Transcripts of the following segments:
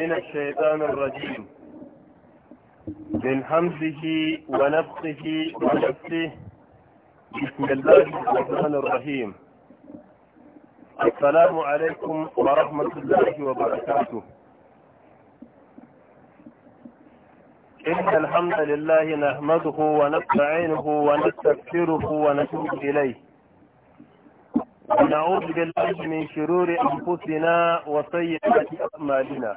من الشيطان الرجيم من حمده ونفقه ونفسه بسم الله الرحمن الرحيم السلام عليكم ورحمة الله وبركاته إن الحمد لله نحمده ونستعينه ونستغفره ونتوب إليه ونعوذ بالله من شرور أنفسنا وسيئات أعمالنا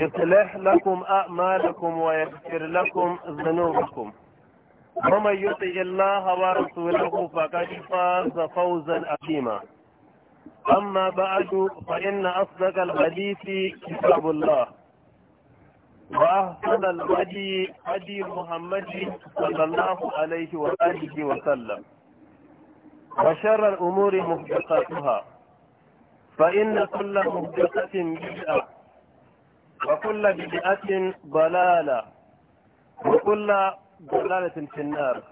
يصلح لكم أعمالكم ويغفر لكم ذنوبكم ومن يطع الله ورسوله فقد فاز فوزا عظيما أما بعد فإن أصدق الحديث كتاب الله وأحسن الهدي هدي محمد صلى الله عليه وآله وسلم وشر الأمور محدثاتها فإن كل محدثة بدعة وكل بدعة ضلالة وكل ضلالة في النار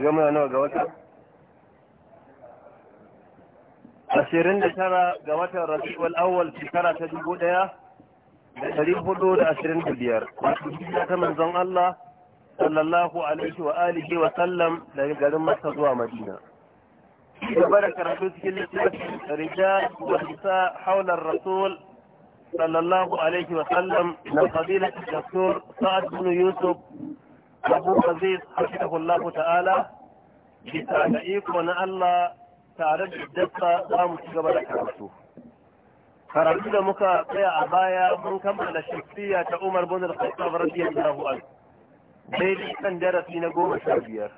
يومنا نوع قوتا أشيرين ترى قوتا الربيع والأول في ترى تجيبوا لها تجيب حدود أشيرين بليار كما زن الله صلى الله عليه وآله وسلم لقد ما استضوى مدينة تبارك رسولك رجال ونساء حول الرسول صلى الله عليه Yusuf, من قبيلة الدكتور سعد بن يوسف أبو عزيز حفظه الله تعالى بتعليق وأن الله تعرض الدقة قام قبل كرامته karatu da muka tsaya a baya mun kammala shafiya ta Umar bin Al-Khattab radiyallahu anhu daidai kan darasi na goma sha biyar.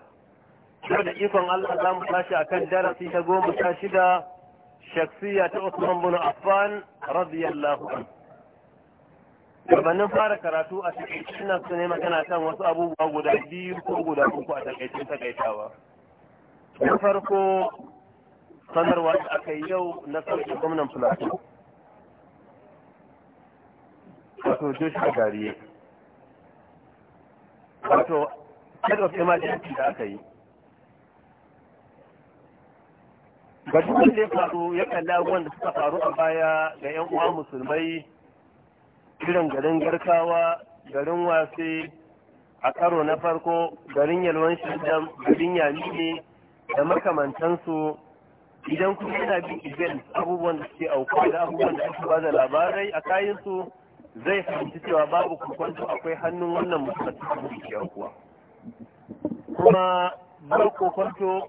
Yau da ikon Allah za mu tashi kan darasi ta goma sha shida shaksiya ta Usman bin Affan radiyallahu anhu gabanin fara karatu a cikin ina su ne magana kan wasu abubuwa guda biyu ko guda uku a takaicin takaitawa na farko sanarwa da yi yau na sarki gwamnan plateau wato joshua gariye wato head of emergency da aka yi ga wani da ya faru ya kalli abubuwan da suka faru a baya ga yan uwa musulmai kiran garin garkawa garin wase a karo na farko garin yalwan shidam garin yamini da makamantansu idan kuma yana bin event abubuwan da suke aukuwa da abubuwan da ake bada labarai a kayansu zai fahimci cewa babu kwakwanto akwai hannun wannan musulmai da kuwa kuma babu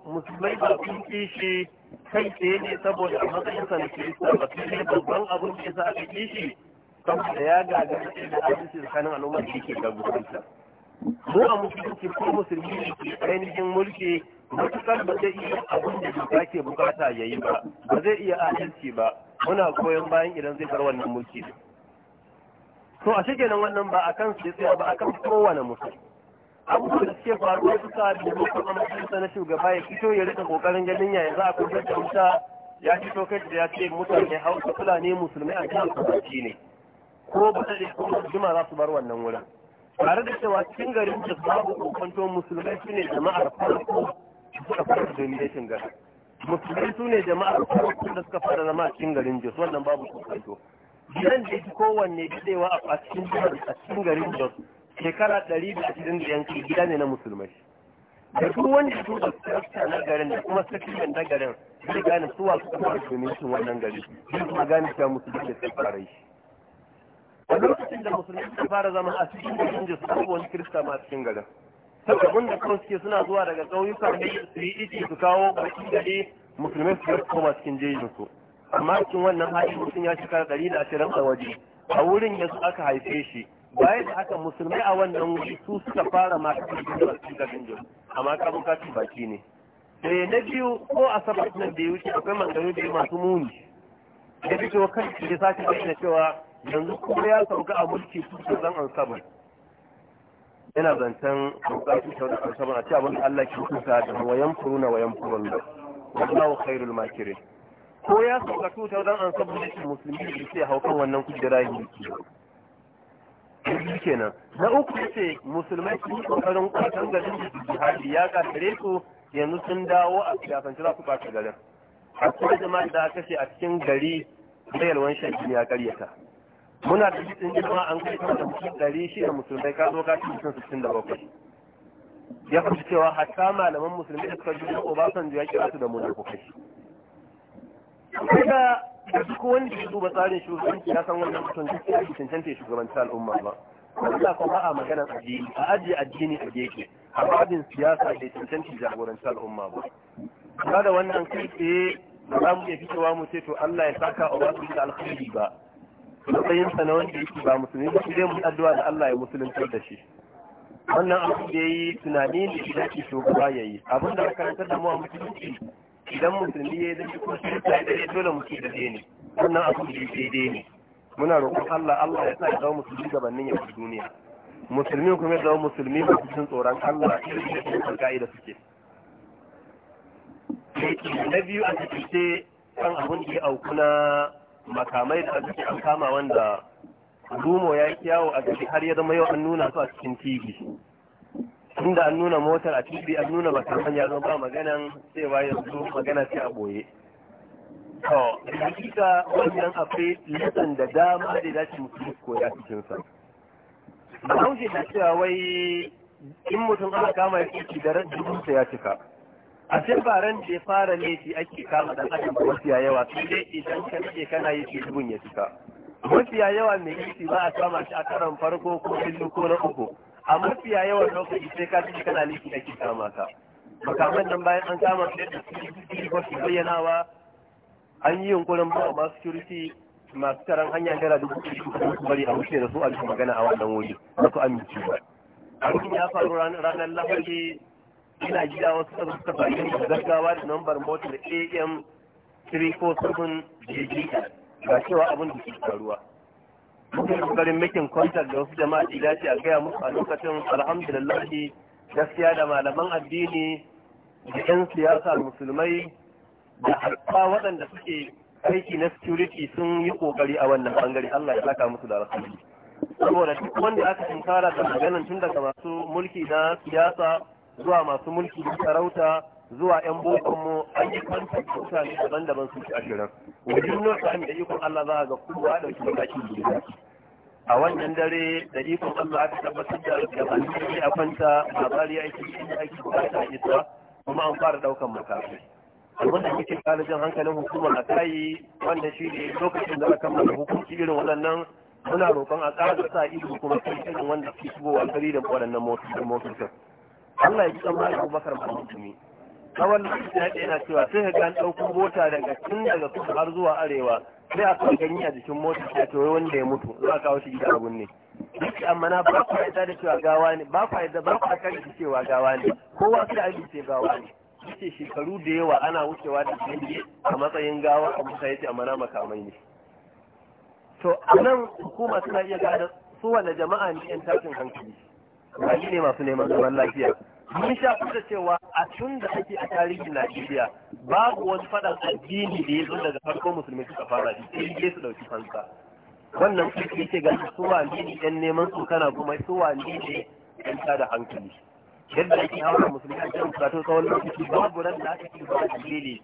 musulmai ba kun kishi kai tsaye ne saboda a matsayin sa na kirista ba su ne babban abin da yasa aka ƙi shi saboda ya gagara da adalci tsakanin al'umma da yake jagoranta mu a musulunci ko musulmi ne ke ainihin mulki matuƙar ba zai iya abin da ya ke bukata ya yi ba ba zai iya adalci ba muna koyon bayan idan zai bar wannan mulki to a shi kenan wannan ba a kan sai tsaya ba kan kowane musulmi abubuwan da suke faruwa su sa da mutum a matsayinsa na shugaba ya fito ya rika kokarin ganin ya za a kusa da wuta ya fito kai da ya ce mutane hausa fulani musulmai a jihar kasance ne ko ba ta kuma jima za su bar wannan wurin tare da cewa cikin garin da babu kokonto musulmai su ne jama'ar farko suka fara domination garin musulmai su ne jama'ar farko da suka fara zama cikin garin jos wannan babu kokonto gidan da ya fi kowanne gidewa a cikin a cikin garin jos shekara ɗari da ashirin da yanki gida ne na musulmai da duk wanda ya tuka sarauta na garin da kuma sarkin na garin zai gane suwa suka fara domin wannan gari zai kuma gane cewa musulmai da suka fara shi a lokacin da musulmai suka fara zama a cikin garin da suka wani kirista ma cikin garin saboda da kawai suke suna zuwa daga ƙauyuka ne su yi iji su kawo bakin gari musulmai su koma cikin jejin su amma cikin wannan hali mutum ya shekara ɗari da ashirin a waje a wurin yanzu aka haife shi bayan da haka musulmai a wannan wuri su suka fara masu cikin a cikin garin jiro amma kabuka su baki ne sai na biyu ko a sabar nan da ya wuce akwai mangaru da ya masu muni da fi cewa kan da sake bayyana cewa yanzu kuma ya sauka a mulki su da zan an sabar yana zancen sauka su da an sabar a ce abin Allah ke kusa da wayan furuna wayan furun da wallahu khairul makirin ko ya sauka su da zan an sabar da musulmi da ke haukan wannan kujera yake biyu kenan na uku ce, musulmai sun yi kokarin kwatan garin da jihadi ya gagare su yanzu sun dawo a siyasance za su kwace garin a kuma jama'a da aka ce a cikin gari bayalwan jini ya karyata muna da jikin jama'a an kai sama da mutum gari shi da musulmai ka zo ka ci mutum sittin da bakwai ya faɗi cewa hatta malaman musulmi da suka ji Obasanjo ya kira su da munafukai. Kaga da duk wanda ya duba tsarin shugabanci ya san wannan mutum duk ya bi cancanta shugabanci al'umma ba Allah kuma a maganar addini a ajiye addini a gefe a babin siyasa da cancanta jagoranci al'umma ba ba da wannan kai tsaye ba za mu iya fitowa mu ce to Allah ya saka a wasu da alkhairi ba matsayin sa na wanda yake ba musulmi ba sai mu addu'a da Allah ya musulunta da shi wannan abu da yi tunani ne idan ke shugaba ya yayi abin da karantar da mu a musulunci idan musulmi ya yi zai kuma shi ta da dole mu da da ne wannan abu da daidai ne muna roƙon Allah Allah ya sa ya zama musulmi gabanin ya duniya musulmi kuma ya zama musulmi ba cikin tsoron Allah da ka'ida suke na biyu a cikin kan abun da ya auku na makamai da aka an kama wanda rumo ya yi kyawo a gari har ya zama yau an nuna su a cikin tv tunda an nuna motar a tv an nuna manya zo ba maganan cewa yanzu magana ce a boye to hakika wannan akwai lesson da dama da dace mutum koya cikin sa ji na cewa wai in mutum aka kama ya ci da ran sa ya cika a sai ba ran da ya fara laifi ake kama dan adam ko mafiya yawa sai dai idan ka nake kana yi dubun ya cika mafiya yawa mai kici ba a kama shi a karan farko ko biyu ko na uku a mafiya yawan lokaci sai ka ji kana liki ke kama ka makaman nan bayan an kama su da security ba su ba, an yi yunkurin ba ma security masu taron hanya naira dubu su bari a wuce da su an magana a wannan wuri na su amince ba abin ya faru ranar lahadi ina gida wasu da suka fahimci da gaggawa da nambar motar am 347 jg ga cewa abin da ke faruwa muke kokarin making contact da wasu jama'a da dace a gaya musu a lokacin alhamdulillah gaskiya da malaman addini da 'yan siyasa musulmai da harfa waɗanda suke aiki na security sun yi kokari a wannan bangare Allah ya saka musu da alkhairi saboda duk wanda aka tunkara da maganan tun daga masu mulki na siyasa zuwa masu mulki na sarauta zuwa yan bokon an yi kwantar da mutane daban-daban su ci ashirin wajen nota da ikon Allah za a ga kowa da su baki guda a wannan dare da ikon Allah aka tabbatar da da ne a kwanta labari ya aiki shi ake ba ta isa kuma an fara daukan matakai abin da kalajin hankalin hukumar a kayi wanda shi ne lokacin da aka kammala hukunci irin waɗannan muna roƙon a ƙara sa ido kuma kan irin wanda ke shigowa gari da waɗannan motocin Allah ya ji tsammanin Abubakar Mahmud tsawon lokaci yana cewa sai ga gan ɗaukar mota daga tun daga kusa, har zuwa arewa sai a kan gani a jikin mota ta ce wanda ya mutu za a kawo shi gida abun ne duk amma na ba ku yadda da cewa gawa ne ba ku yadda ba ku kan da cewa gawa ne kowa sai a ce gawa ne yace shekaru da yawa ana wucewa da shi a matsayin gawa a musa yace amma na makamai ne to anan hukuma suna iya gada su wanda jama'a ne yan tashin hankali ba ne masu neman zaman lafiya mun sha kusa cewa a tun da ake a tarihin Najeriya babu wani faɗan addini da ya zo daga farko musulmi suka fara shi sai ya su ɗauki fansa wannan kuma yake ga su wani ne neman su kana kuma su wani ne ɗan da hankali yadda ake hawa musulmi a cikin kato kawai lokaci babu ran da aka ba ba dalili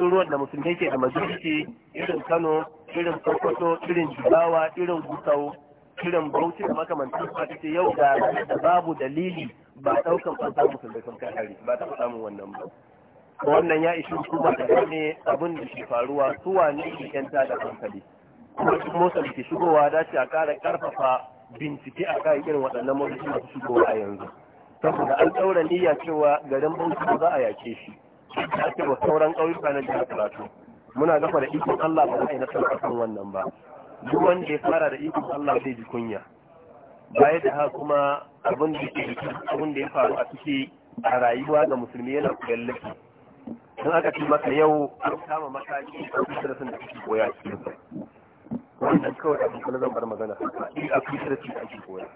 ruwan da musulmi ke da majalisi irin Kano irin Sokoto irin Jigawa irin Gusau irin Bauchi da makamantan su ce yau da babu dalili ba daukan an samu sun sun kai ba ta samun wannan ba wannan ya ishi kuma da gane abin da ke faruwa su wa ne yan da hankali kuma duk motsa da ke shigowa dace a ƙara karfafa bincike a kan irin waɗannan motsa masu shigowa a yanzu saboda an ɗaura niyya cewa garin bauchi za a yake shi ya ce ba sauran ƙauyuka na jihar karatu. muna gafa da ikon allah ba za a yi nasara wannan ba duk wanda ya fara da ikon allah zai ji kunya baya da haka kuma abin da ke abin da ya faru a ciki a rayuwa ga musulmi yana koyon sun don aka ce maka yau an kama mataki a sun da kuke koya cikin sa wannan kawai abin kuma zan bar magana a a sun da ake koya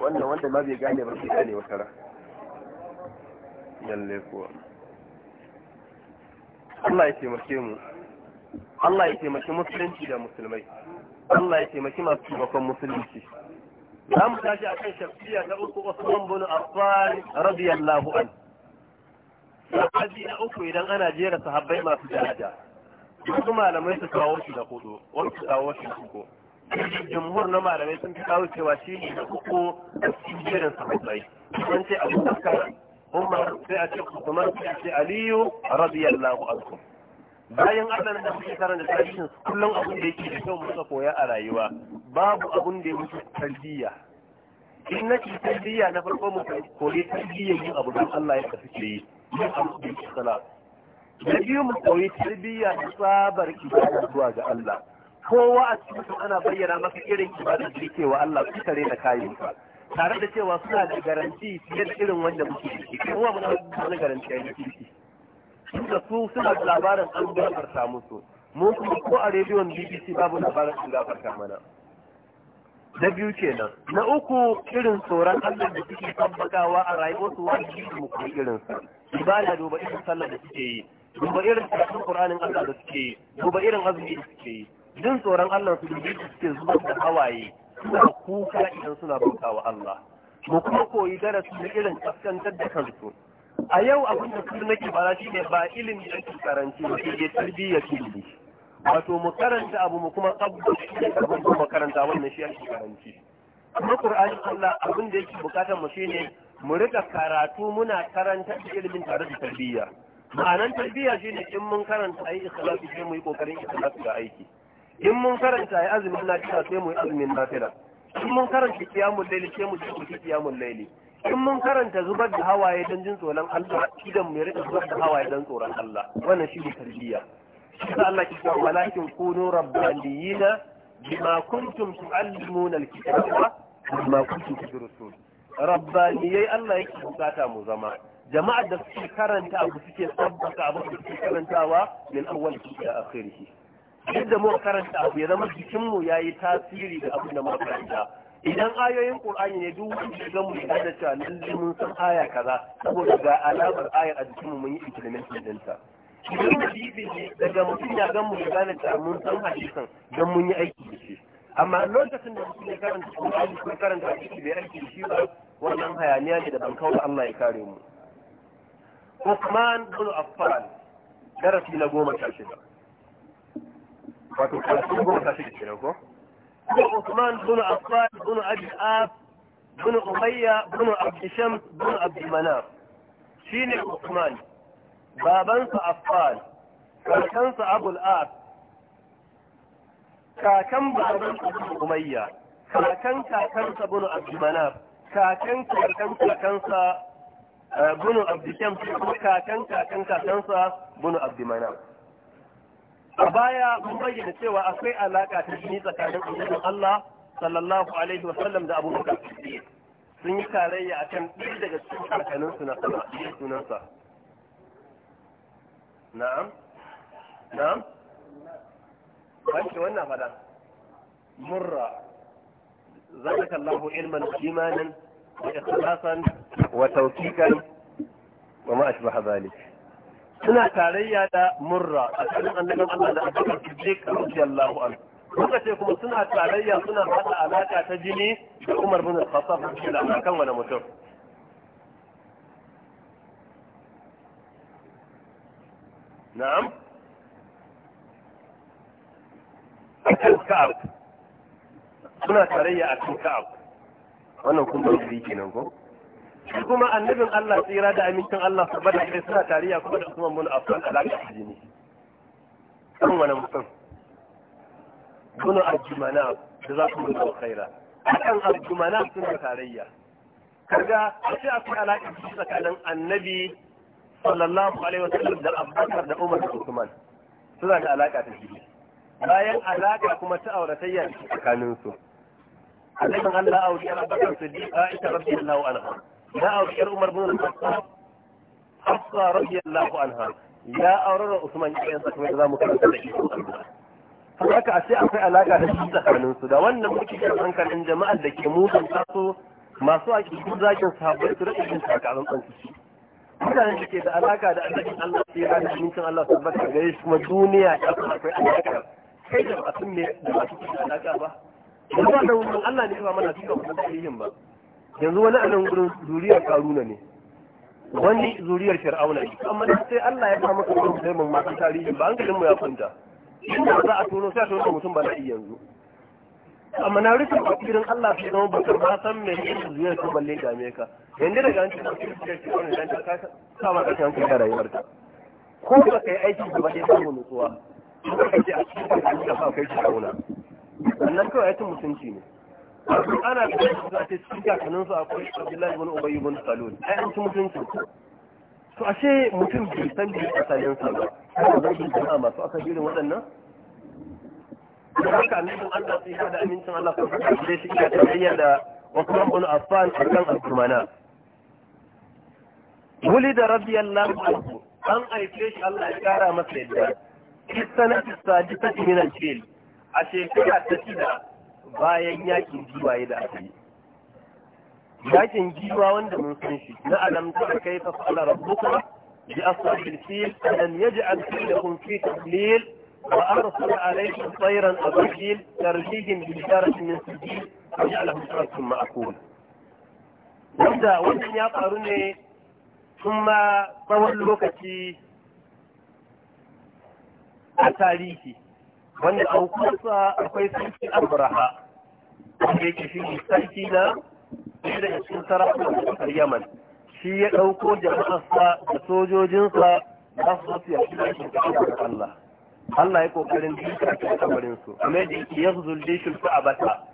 wannan wanda ma bai gane ba sai gane wata ra lalle Allah ya taimake mu Allah ya musulunci da musulmai Allah ya taimaki masu taimakon musulunci za mu tashi a kan shafiya ta uku Usman bin Affan radiyallahu an sahabi na uku idan ana jera sahabbai masu daraja wasu malamai su kawo shi da hudu wasu su kawo shi da uku jumhur na malamai sun fi kawo cewa shi ne na uku da jerin sahabbai sun ce Abu Bakar Umar sai a ce Usman sai a ce Aliyu radiyallahu anhu bayan Allah da muke karanta tarihin kullum abin da yake da kyau muka koya a rayuwa babu abin da ya muke tarbiyya in na ci tarbiyya na farko mu koyi tarbiyya yin abu don Allah ya tafi ke yi yin abu da yake sala na biyu mu koyi tarbiyya da tsabar ibada zuwa ga Allah kowa a cikin ana bayyana maka irin ibada da yake wa Allah tare da kayan ka tare da cewa suna da garanti fiye da irin wanda muke shi kowa muna da garanti a yi da su suna da labarin an gafarta musu mu kuma ko a rediyon bbc babu labarin an gafarta mana da biyu kenan na uku irin tsoron allah da suke tabbatawa a rayuwarsu wajibi mu kuma irin sa ibada duba irin sallar da suke yi duba irin karatun qur'anin allah da suke yi duba irin azumi da suke yi jin tsoron allah su su suke zubar da hawaye suna kuka idan suna bautawa allah mu kuma koyi darasi na irin kaskantar da kansu a yau abin da kuma nake bara shi ne ba ilimi da ke karanci ba shi ne tarbiyya ilimi wato mu karanta abu mu kuma abu da abin da karanta wannan shi ake karanci amma qur'ani Allah abin da yake bukatar mu ne mu rika karatu muna karanta ilimin tare da tarbiyya ma'anan tarbiyya ne in mun karanta ayi ikhlasi sai mu yi kokarin ikhlasi ga aiki in mun karanta ayi azumin lafiya sai mu yi azumin lafiya in mun karanta kiyamul laili sai mu yi kiyamul laili in mun karanta zubar da hawaye don jin tsoron Allah idan mu rika zubar da hawaye don tsoron Allah wannan shi ne tarbiyya sai Allah ki ce walakin kunu rabbaniyina bima kuntum tu'allimuna alkitaba bima kuntum ya rabbaniyai Allah yake bukata mu zama jama'ar da suke karanta abu suke sabbaka abu da suke karantawa min awwal ila akhirih yadda mu karanta abu ya zama jikinmu yayi tasiri da abin da mu karanta idan ayoyin qur'ani ne duk wanda ya mu ya da cewa nan mun san aya kaza saboda ga alamar ayar a jikin mun yi implementation din ta idan da bibi daga mutum ya gan mu ya gane cewa mun san hadisan dan mun yi aiki da shi amma lokacin da mutum ya karanta qur'ani ko karanta hadisi bai aiki da shi ba wannan hayaniya ne da ban kawo Allah ya kare mu Uthman bin Affan darasi na goma sha shida wato karatu goma sha shida kenan ko بنو عثمان بنو عفان بنو ابي الاب بنو اميه بنو عبد الشمس بنو عبد المناف شيني عثمان بابنس عفان كاكنس ابو الاب كاكن بابنس بنو اميه كاكن كاكنس بنو عبد المناف كاكن كاكن كاكنس آه، بنو عبد الشمس كاكن كاكن كاكنس بنو عبد المناف a baya mun bayyana cewa akwai alaka ta jini tsakanin annabi Allah sallallahu alaihi wa sallam da Abu Bakar sun yi tarayya akan ɗaya daga cikin kakannin su na sama sunansa na'am na'am wani wannan fada murra zalika Allahu ilman imanan wa ikhlasan wa tawfiqan wa ma ashbaha dhalik suna tarayya da murra a cikin annabin Allah da aka kace radiyallahu an. kuka ce kuma suna tarayya suna hada alaka ta jini da Umar bin Khattab da kan wani mutum na'am akan ka'ab suna tarayya akan ka'ab wannan kun yi kenan ko shi kuma annabin Allah tsira da amincin Allah saboda kai suna tariya kuma da Usman bin Affan alaƙa jini kan wani mutum kuna arjumana da za ku gudu khaira akan sun suna tarayya kaga a ce akwai alaƙa tsakanin annabi sallallahu alaihi wasallam da Abubakar da Umar da Usman suna da alaƙa ta jini bayan alaƙa kuma ta auratayya da tsakaninsu. Annabin Allah a wajen Abubakar Siddiq Aisha radiyallahu anha ya auri yar Umar bin Khattab Hafsa radiyallahu anha ya aurara Usman ibn Affan za mu karanta da shi haka a sai akwai alaka da shi tsakanin su da wannan muke kan hankalin jama'ar da ke mutum taso masu aƙidu zakin sahabbai su rike jin takalin kansu mutanen da ke da alaka da annabin Allah sai ya da amincin Allah su baka gare shi kuma duniya ta akwai alaka kai da ba ne da ba su da alaka ba ba da wannan Allah ne ba mana cikin wannan tarihin ba yanzu wani anan gurin zuriyar karuna ne wani zuriyar fir'auna ne amma sai Allah ya samu maka gurin sai mun maka tarihi ba hankalin mu ya kunta. inda za a tono sai a tono mutum ba na'i yanzu amma na rufe tafsirin Allah sai zama bakar ma san me yake zuriyar su balle dame ka yanzu daga an ci shi fir'auna dan ta ka sa maka hankali da rayuwarka ko ba kai aiki gaba ɗaya samun nutsuwa ko kake a cikin da ba kai fir'auna sannan kawai ya mutunci ne wato ana da su a cikin kakanin su akwai abdullahi ibn ubay ibn salul ai an ci mutuncin to ashe mutum bai san bi asalin sa ba kuma zai jama'a masu asali irin waɗannan da haka annabin Allah sai ya da amincin Allah ko da shi ya tarayya da Uthman ibn Affan akan al-Qur'ana ولد رضي الله عنه an haife shi Allah ya kara masa yadda. Kisanatu sadisati min al-fil a shekara ta shida bayan yakin giwaye da aka yi yakin giwa wanda mun san shi na alam ta kai fa fa'ala rabbuka bi ashabil fil an yaj'al filakum fi tadlil wa arsala alaykum tayran ababil tarjihim bi sharatin min sijil waj'alahum sharatin ma'kul wanda wannan ya faru ne kuma tsawon lokaci a tarihi wanda an kusa akwai sarki abraha wanda yake shi ne sarki na ɗaya daga cikin sarakunan ƙasar yaman shi ya ɗauko jama'arsa da sojojinsa za su zafi a cikin shi da Allah Allah ya kokarin duka ta kabarin su amma da yake yaghzul dishul fa'abata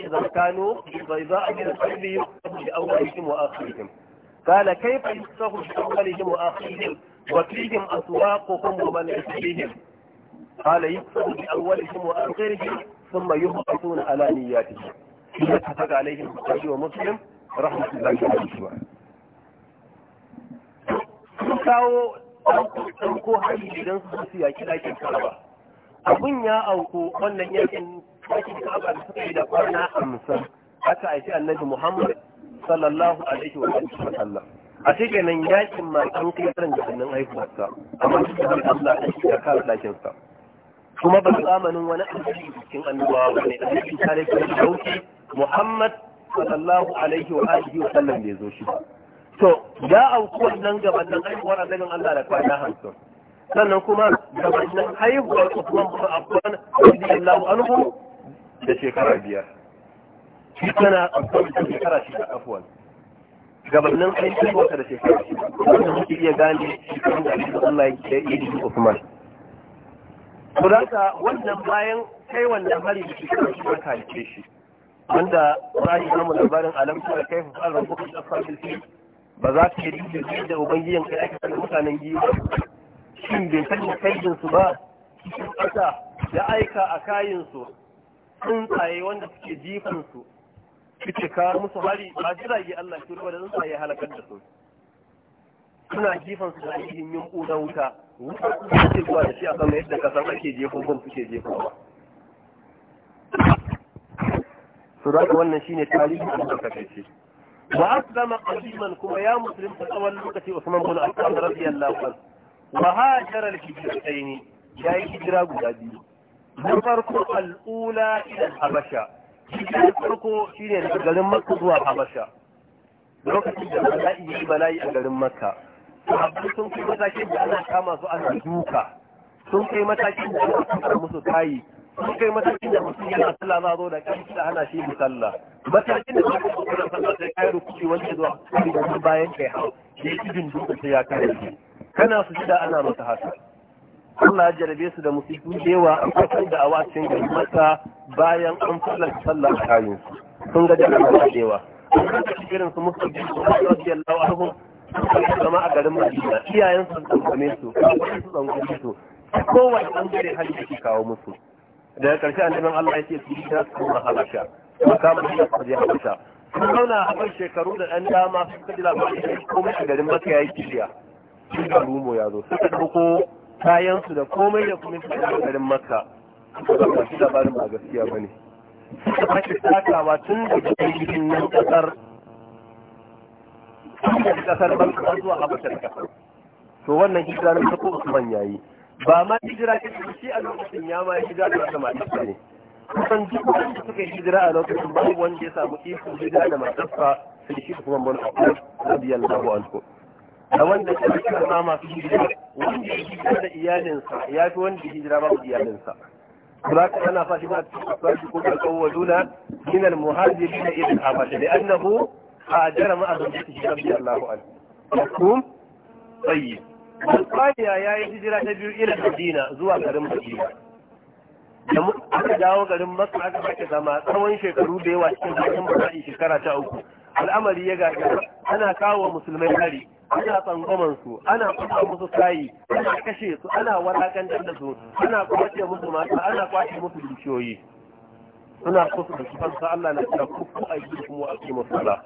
إذا كانوا بيضاء من القلب يكتب لأولهم وآخرهم قال كيف يكتب لأولهم وآخرهم وفيهم أسواقهم ومن قال يقصد بأولهم وآخرهم ثم يهبطون على نياتهم اتفق عليهم البخاري ومسلم رحمة الله عليهما sun kawo ɗauko hari idan su su yaƙi ɗakin kaba abin ya auku wannan yakin ɗakin kaba da suka yi da a hamsin aka aiki annabi muhammad sallallahu alaihi a shi kenan yakin ma an kai tsarin da hannun haihuwarsa amma shi da allah a shi da kare ɗakinsa kuma ba zamanin wani annabi cikin annabawa ba ne annabi ta ne kuma dauki Muhammad sallallahu alaihi wa alihi wa sallam ya zo shi ba to da aukuwar nan gaban nan a annabin Allah da kwana hamsin sannan kuma gaban nan haihuwar Usman bin Affan radiyallahu anhu da shekara biyar shi tana Affan da shekara shida afwan gabanin aikin wata da shekara shida wanda muke iya gane shekarun da Allah ya yi Usman Kuraka wannan bayan kai wannan hari da shekaru shi ya shi. Wanda za yi zama labarin alamta da kai fafar rabu kan tsafar shi ba za ka yi rikin da ubangiyan kai ake kan mutanen giwa. Shin bai sanya kaijinsu ba cikin kasa ya aika a kayinsu tsuntsaye wanda suke jifansu suke kawo musu hari ba jirage Allah shi ruwa da tsuntsaye halakar da su. Suna jifansu da ainihin yin ƙudan wuta. wuce zuwa da shi a sama yadda kasar ake jefo bom suke jefo ba su zaka wannan shine tarihi a kan kakaice wa aslama qadiman kuma ya musulun ta tsawon lokaci Usman bin Affan radiyallahu anhu wa hajara al-hijratayn ya yi hijira guda biyu na farko al'ula ula ila habasha hijira farko shine daga garin Makka zuwa Habasha lokacin da bala'i ya bala'i a garin Makka sahabbai sun kai matakin da ana kama su ana duka sun kai matakin da ana kama musu kayi sun kai matakin da mutum yana sallah za zo da ƙarfi da hana shi mu sallah matakin da mutum ko da sallah sai kai rukuci wanda zuwa kai da bayan kai hau da yake jin duka sai ya kare shi kana su da ana masa haka Allah ya jarabe su da musibu da yawa an kasar da awa cikin gari mata bayan an fallar sallah a kayan su sun ga jarabe da yawa an kasar irin su musu bin su radiyallahu anhu zama a garin Madina iyayen su tsangwame su kawai su tsangwame su kowane bangare hali yake kawo musu daga ƙarshe karshe annabin Allah ya ce su yi ta kuma habasha su kama shi su je habasha sun zauna a kan shekaru da ɗan dama sun kaji labarin da komai a garin Makka ya yi kiriya sun ga rumo ya zo suka ɗauko kayan su da komai da kuma suka a garin Makka suka ba labarin ba gaskiya ba ne suka fashe takawa tun da cikin nan ƙasar daga kasar banka zuwa habashar kasar to wannan hijira na farko usman yi. ba ma hijira ta shi a lokacin ya ma hijira da wata matarsa ne kusan duk wanda suka hijira a lokacin babu wanda ya samu ikon hijira da matarsa sai shi kuma mun aure. akwai radiyallahu anhu da wanda ya hijira ma masu hijira wanda ya hijira da iyalinsa ya fi wanda ya hijira babu iyalinsa هناك أنا فاشمات أصلاحكم الأولون من المهاجرين إلى الحبشة لأنه a jarama abin da shi rabbi Allahu an mafhum tayyib Mutsaniya ya yi hijira ta biyu ila Madina zuwa garin Madina. Da aka dawo garin Makka aka sake zama tsawon shekaru da yawa cikin garin Bukari shekara ta uku. Al'amari ya gaga ana kawo musulmai hari ana tsangwaman su ana kuma musu kayi ana kashe su ana walakantar da su ana kwace musu mata ana kwace musu dukiyoyi suna kusa da su fansa Allah na cewa kuku a yi kuma a kuma sala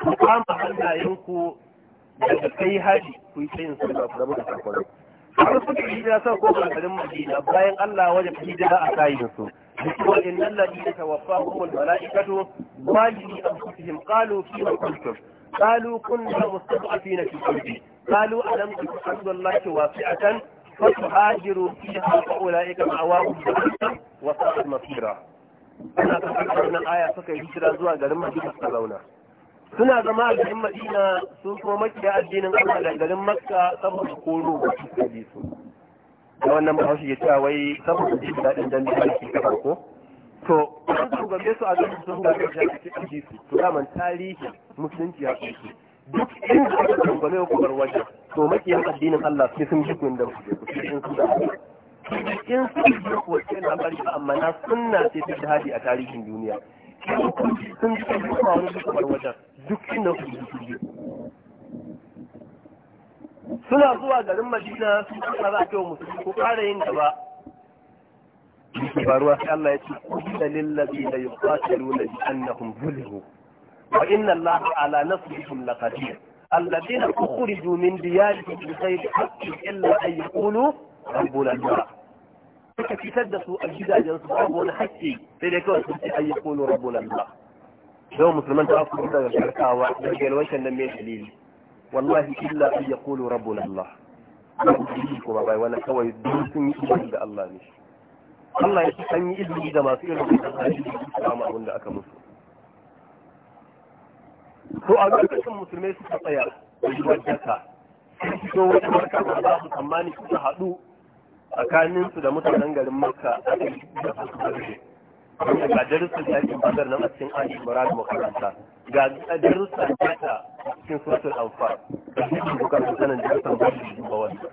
ku kama hannayenku daga kai Haji ku yi sayin sallah ku rabu da takwarar har suka yi hijira sau ko garin Madina bayan Allah wajen hijira a kayin su ko innal ladina tawaffahum al malaikatu walidi anfusihim qalu fi ma kuntum qalu kunna mustad'afina fi ardi qalu alam takun ardu allahi wasi'atan فتهاجروا فيها فأولئك مأواهم جهنم وساءت مصيرا. أنا تفكر أن آية سكة هجرة زوا غير مدينة سلونا. suna zama a garin madina sun kuma makiya addinin allah da garin makka saboda koro ba su kaji su da wannan bahaushe ya cewa wai saboda jin daɗin da ke kafa ko to an shugabe su a garin sun ga shi da cikin su to daman tarihi musulunci ya kusa duk inda aka shugabe bar wajen to makiya addinin allah sai sun ji kun da su in su da in sun ji kuwa na bari ba amma na sunna ce ta shahadi a tarihin duniya sun ji kuma wani hukumar wajen duk inda ku ji suna zuwa garin madina sun kasa za a kewa musulmi ko ƙara yin gaba faruwa sai Allah ya ce kulla lillazi la yuqatiluna bi annahum zulimu wa inna Allah ala nasrihim laqadir alladhina ukhriju min diyarihim bi ghayri haqqin illa an yaqulu rabbuna Allah suka fitar da su a gidajen su babu wani haƙƙi sai dai kawai sun ce an yaqulu rabbuna Allah yawan musulman ta aku daga karkawa da gelwancan nan mai dalili wallahi illa an yaqulu rabbuna Allah kuma bai wani kawai duk sun yi izini da Allah ne Allah ya san yi izini da masu irin da Allah abin da aka musu to a lokacin musulmai suka tsaya da wadaka to wata marka ba za su tsammani suka haɗu tsakaninsu da mutanen garin makka a cikin da su wanda ga darussan da ake bazar nan a cikin Ali Imran makaranta ga darussan da ta cikin suratul Anfal da cikin bukatar sanin darussan da su ba wanda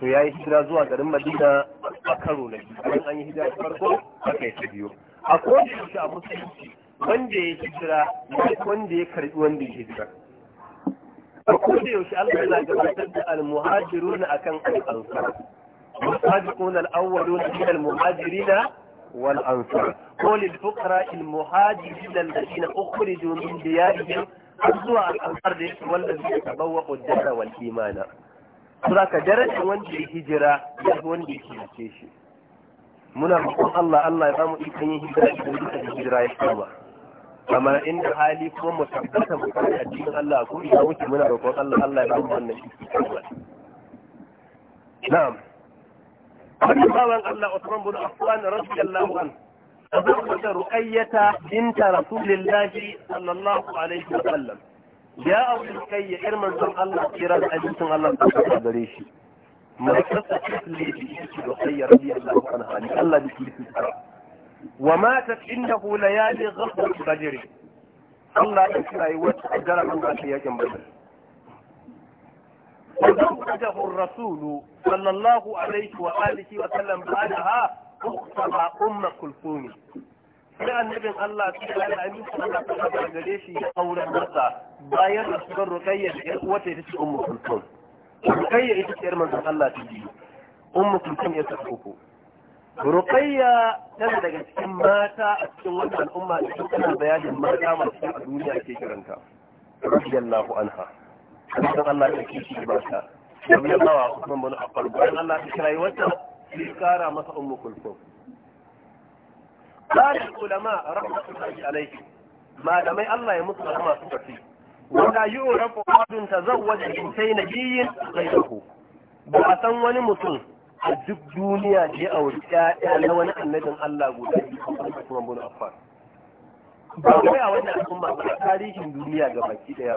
to yi hijira zuwa garin Madina a karo na biyu an yi hijira farko aka yi ta biyu a kowace shi a musulunci wanda ya hijira wanda ya karbi wanda ya hijira a kowace yaushe Allah yana gabatar da al na akan al-ansar الأولون من المهاجرين al والأنصار قول الفقراء المهاجرين الذين أخرجوا من ديارهم أرضوا الأنصار والذين تبوأوا الدار والإيمان سراك درجة وندي هجرة وندي كيشي muna roƙon Allah Allah ya bamu ikon yin hijira idan duka da hijira ya kama amma inda hali kuma mu tabbata mu kai addinin Allah ko ina wuce muna roƙon Allah Allah ya wannan wani bawan Allah Usman bin Affan radiyallahu an azabta ruqayyata binta rasulillahi sallallahu alaihi wa sallam ya auri ruqayya ir manzon Allah kira da abincin Allah ta fara gare shi malaikata tisli bi ruqayya radiyallahu anha ni Allah bi kisi tsara wa matat innahu layali ghadr badr Allah ya kira yi wata daren da ta yakin badr وزوجه الرسول صلى الله عليه وآله وسلم بعدها أخطب أم كلثوم sai annabin Allah su da al'amin su Allah ta saba gare shi ya auren masa bayan Rukayya rukayyar yar wata ita ce ummu kulkum rukayya ita ce yar manzon Allah ta biyu ummu kulkum ya tafi uku rukayya tana daga cikin mata a cikin wannan al'umma da tana bayanin mata masu a duniya ke kiranta radiyallahu anha kamar da Allah ya kishi ba ta kamar yadda wa Usman bin Affan bayan Allah ya kira wata ya kara masa ummu kulsum qala ulama rahmatullahi alaihi, malamai Allah ya musu rahama su tafi wanda yi yu'rafu qadun tazawwaja bi sayyidin ghayruhu ba a san wani mutum a duk duniya da ya auri ƴaƴa na wani annabin Allah guda biyu kamar Usman bin Affan ba kai a wannan al'umma ba tarihin duniya ga baki daya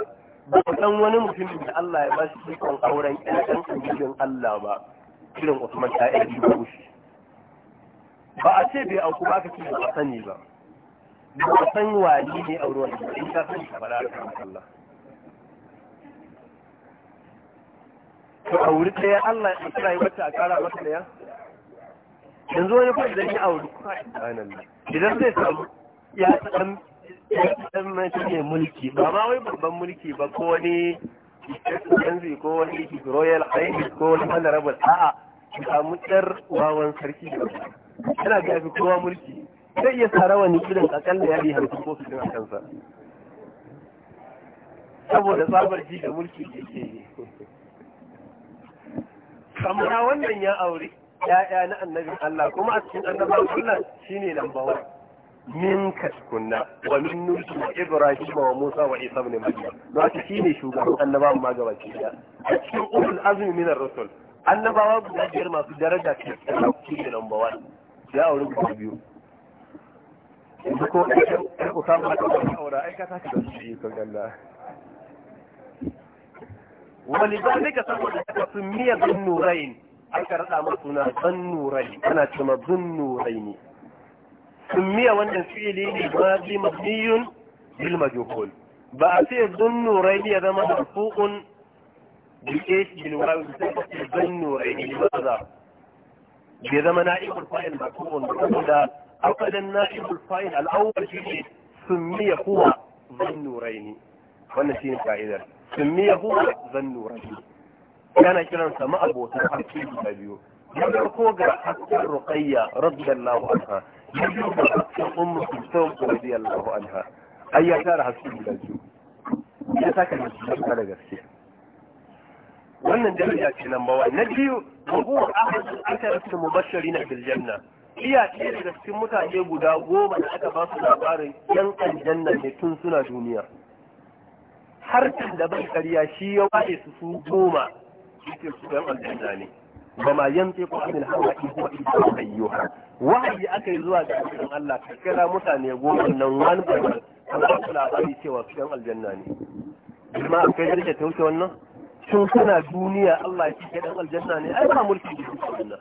dan wani mutumin da Allah ya ba shi ikon auren ƴan ɗan Allah ba irin Usman ta yi ba ba a ce bai auku ba ka ce ba a sani ba ba a san wani ne a ruwan da in ka sani ka da ka Allah to auri ɗaya Allah ya yi wata a kara mata ɗaya yanzu wani fa idan ya auri idan zai samu ya ta ɗan shine mulki ba ma wai babban mulki ba ko wani yanzu ko wani royal aini ko wani honorable a'a samu ɗar wawan sarki da yana ga fi kowa mulki zai iya tsara wani filin akalla ya yi hamsin ko fitin a kansa saboda tsabar ji da mulki da ke yi kamar wannan ya aure ya'ya na annabin Allah kuma a cikin annabawan Allah shine lamba wani minka tukunna wa min nuhi wa ibrahim wa musa wa isa ibn maryam don haka shine shugaban annabawan ma gaba da a cikin ulul azmi min ar-rusul annabawa guda biyar masu daraja ke tsara da number 1 ya aure guda biyu yanzu ko ku samu aure ai ka saka da su kan Allah ولذلك saboda سمي ذو النورين aka rada masu suna zan nurai ana cewa nurai ne سمي وان فعلي ماضي مبني بالمجهول بعثي الظن ريني هذا مرفوع بالإيش بالواو الظن ريني لماذا؟ بهذا نائب الفاعل مرفوع بالقول عقد النائب الفاعل الأول فيه سمي هو ذا النورين wannan shine ka'idar summiya huwa zan nurani kana kiran sa ma'abota haske da biyu هو farko ga hasken ruqayya ya biyo ga hasken ummu sultan radiyallahu anha ai ya tara haske guda biyu ya saka da shi da gaske wannan daraja ce nan bawa na biyu hukumar ahadin asharatu mubashirin bil janna iya ce da cikin mutane guda goma da aka ba su labarin yan aljanna ne tun suna duniya Harkar da bai karya shi ya waye su su goma yake su yan aljanna ne da ma yanti ko abin hawa ihu ihu ayyuha wahayi aka yi zuwa ga cikin Allah ka kira mutane goma nan wani bayan an ba su labari cewa su yan aljanna ne amma kai yarda ta wuce wannan sun kana duniya Allah ya kike dan aljanna ne ai ba mulki da aljanna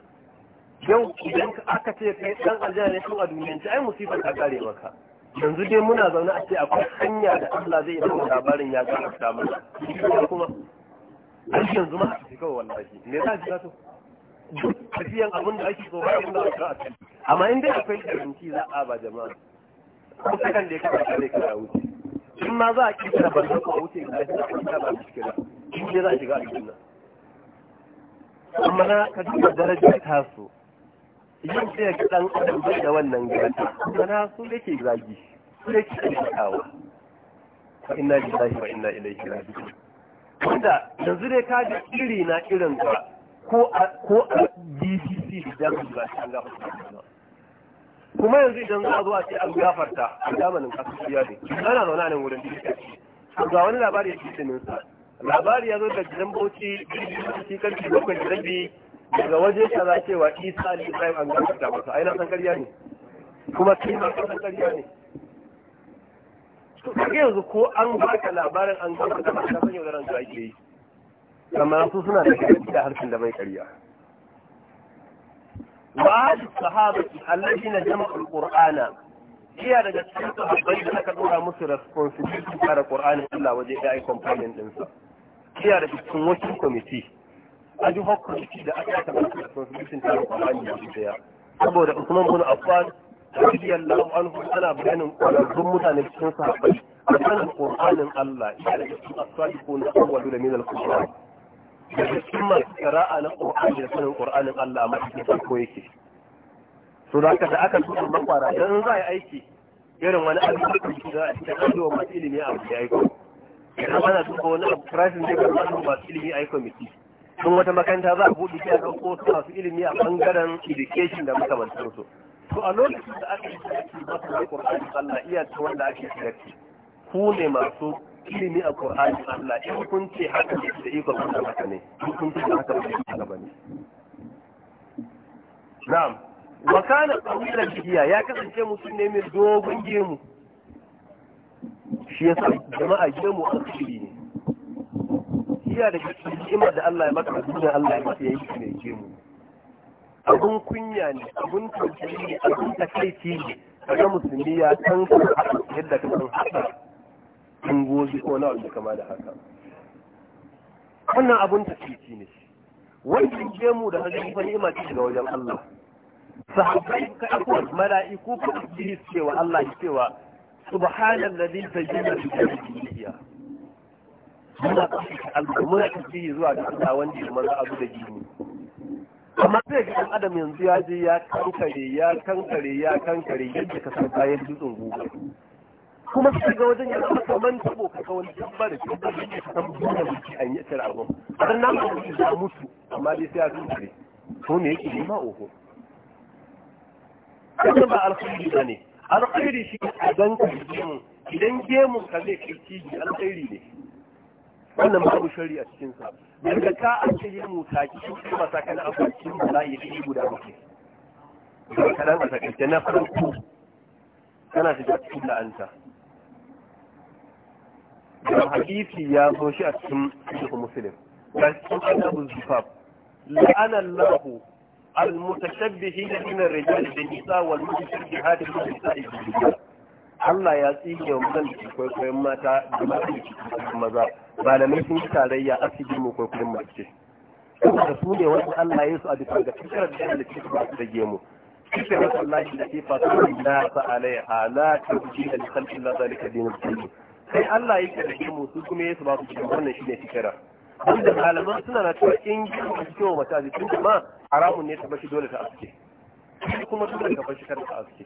yau idan aka ce kai dan aljanna ne tun a duniyan ai musifa ta kare maka yanzu dai muna zaune a ce akwai hanya da Allah zai yi labarin ya ga ta kuma Aikin zuma a cikin wallahi me za ji ka to duk tafiyan abin da ake tsoro abin da aka asali amma in dai akwai garanti za a ba jama'a ko sakan da ya kamata zai kara wuce in ma za a kira ban da ko wuce ga shi a kira ba shi kira in ne za a shiga aljanna amma na ka duba darajar taso yin sai ga dan adam bai da wannan gata Mana su yake zagi su yake kawo fa inna lillahi wa inna ilaihi raji'un wanda yanzu dai ka ga iri na irin ka ko a bbc da jami'in ba shi an gafarta kuma yanzu idan za a zo a ce an gafarta a zamanin kasuwa ne ana zaune nan wurin ga wani labari ya ce sinin sa labari ya zo da gidan bauchi shi kan ci bakwai da rabi daga waje ta za cewa isa ali ibrahim an gafarta masa ai na san karya ne kuma kai ma san karya ne to kage yanzu ko an baka labarin an gafarta masa san yau da ranka ake yi amma su suna da kai da harshen da mai ƙarya wa ahadu sahabati alladhina jama'u alqur'ana iya daga cikin sahabbai da aka dora musu responsibility kare qur'anin Allah waje ya yi companion din sa iya daga cikin wakil committee aji hukunci da aka ta musu responsibility kare qur'ani da daya saboda Usman bin Affan radiyallahu anhu ana bayanin kwararrun mutane cikin sahabbai akan qur'anin Allah iya daga cikin na sadiqun awwalu min al-qur'an daga cikin masu kara'a na ƙur'ani da sanin ƙur'anin Allah ma cikin farko yake so da da aka tura makwara dan za a aiki irin wani abu da ke za a da zuwa masu ilimi a abu da aiko idan ana duka wani abu pricing zai karɓa su masu ilimi a aiko miki sun wata makaranta za a buɗe ta ɗauko su masu ilimi a ɓangaren education da makamantar su to a lokacin da aka yi sarki masu na ƙur'anin iya ta wanda ake sarki ku ne masu ilimi a Qur'ani Allah in kun ce haka ne da iko kun haka ne in kun ce haka ne haka bane na'am wa kana qawila bihiya ya kasance mutum ne mai dogon gemu shi yasa jama'a gemu asiri ne iya da cikin da Allah ya maka a duniya Allah ya maka yayi ne gemu abun kunya ne abun tausayi ne abun takaici ne kaga musulmi ya san yadda ka san haka dangogi ko na wanda kama da haka wannan abin ta ciki ne wannan gemu da hajji fa ni'ima ce ga wajen Allah sahabbai ka akwai mala'iku ko iblis cewa Allah ya cewa subhanallazi tajammala bi jannatihi muna kasance Allah muna kasance zuwa ga Allah wanda ya maza abu da jini amma zai ga adam yanzu ya je ya kankare ya kankare ya kankare yadda ka san kayan dutsen gobe. kuma shi ga wajen ya zama kaman tabo ka ga dabba da ke da shi ka san buɗe biki an yi tsara abin har na da mutu amma dai sai a zuciya to ne, yake nema oho kuma ba alkhairi ba ne alkhairi shi a ganka gemu idan gemu ka zai kai ciji alkhairi ne wannan babu shari a cikinsa daga ka an ce gemu ta ki shi kuma sakan abincin da za a guda bakwai daga a takaice na farko kana shiga cikin la'anta da hadisi ya zo shi a cikin Sahih Muslim da cikin Abu Zufaf la'ana Allah al da min ar-rijal bin-nisa wal-mutashabbihati bin-nisa'i bil-rijal Allah ya tsige wa mutan da kwaikwayon mata da mata da maza malamai sun yi tarayya asibin mu kwaikwayon mace da su ne wasu Allah ya su a bisa ga fikirar da Allah ke ba su rage mu fikirar Allah shi da ke fasa da nasa alaiha la ta fi da kalfin la zalika dinin kullu sai Allah ya da mu su kuma Yesu ba su cikin wannan ne fikira wanda malaman suna na cewa in ji a cikin wa mata tun jama'a haramun ne ta bashi dole ta aske kuma su ka bashi kar ta aske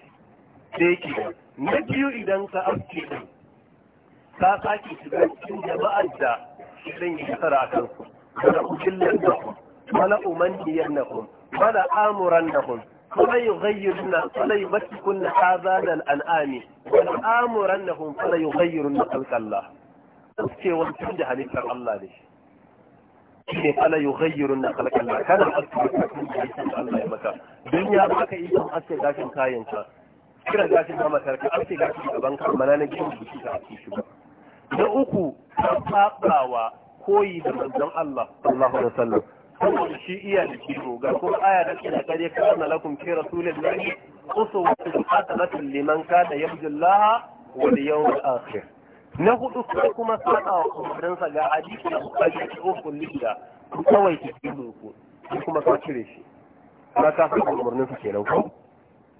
da yake na biyu idan ka aske din ka sake shiga cikin jama'ar da shirin yi tsara a kansu ku killar da ku. wala umaniyar na wala amuran da فلا يغيرن فلا يمسكن آذان الأنعام ولآمرنهم فلا يغيرن خلق الله ce wancan da halittar Allah ne ne fala yi ghayyarun na kalkan da kana asibi kafin da yake da Allah ya maka don ya baka yi don aske gashin ka, kira gashin da matar ka aske gashin gaban banka mana na gidan biki ka aske shi ba uku ta fabawa koyi da manzon Allah sallallahu alaihi wasallam saboda shi iya da kiwo ga kuma aya da ke da kare kana lakum fi rasulillahi uswatun hasanatun liman kana yarju Allah wal yawmal akhir na hudu sai kuma saka wa kumarin sa ga hadisi da bukari da ukun lilla kawai ki kiwo ku kuma ka cire shi ba ka fi umarnin sa kenan ku.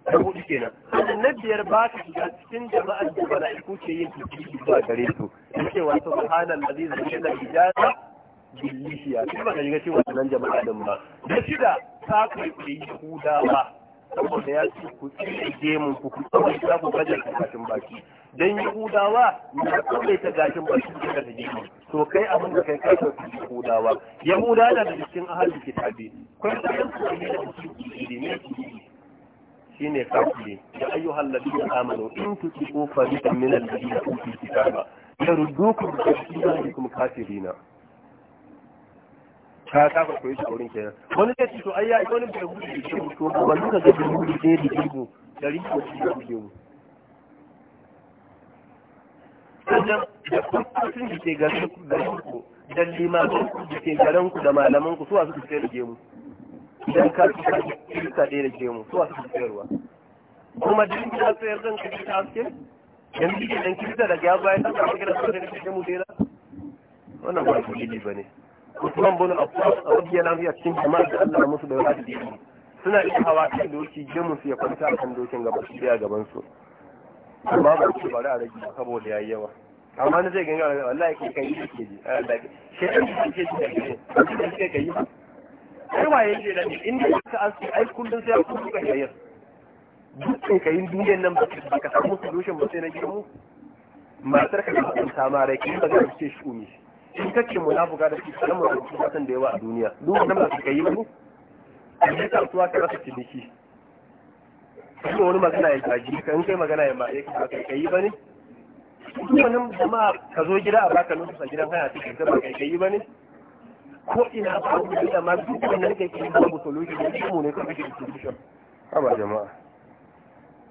da hudu kenan sannan na biyar ba ka shiga cikin jama'ar da mala'iku ke yin tafiye zuwa gare su cewa subhanallazi zai da ijazah bilishiya sai ba ka shiga cikin wannan jama'a din ba da shida ta karɓi yahudawa saboda ya ce ku tsire gemun ku ku kawai za ku gajar gashin baki dan yahudawa na kawai ta gashin baki da ta gemu to kai abin da kai kai ka yahudawa Yahuda na da cikin ahalin kitabi kai ta yin ku ne da cikin ne shine kafiri ya ayyuhal ladina amanu in tusiku fariqan min alladina utul kitaba yaruddukum bi imanikum kafirina ka ka ba koyi shi wurin kenan wani zai ce to ai ya wani bai gudu da ke to ba duka ga bin gudu da da gudu da riko shi da gudu sannan da kwakwacin da ke garin ku da limamin ku da ke garin ku da malaman ku suwa suka fitar da gemu idan ka fi ka kirka ɗaya da gemu suwa suka fitarwa kuma duk da su yarda ka ta haske yanzu ke dan kirka daga ya bayan ta ka kira su da gemu dai wannan ba ku ba ne Usman bin Affan radiyallahu anhu cikin jama'a da Allah musu da wani suna iya hawa kan doki gemun su ya kwanta akan dokin gaba su a gaban su amma ba su bari a rage saboda yi yawa amma na zai ganga da wallahi kai kai yake ji eh, shi an ji ke ji da kai an ji kai yi kai waye ne da ni inda ka asu ai kullum sai ku duka yayin dukkan kayin duniyar nan ba ka samu solution ba sai na girmu matar ka ta samu rai kin ba ga ce shi umi in kake buga da shi kan mu kuma san da yawa a duniya duk wanda ba kai ba a yi kasuwa ka rasa ciniki kuma wani magana ya gaji ka in kai magana ya ma ya ba kai kai ba ne duk wani jama'a ka zo gida a baka a gidan haya take ka ba kai kai ba ne ko ina ba ku da ma duk wanda kai kai ba ku soloji ne kuma ne kuma kike solution haba jama'a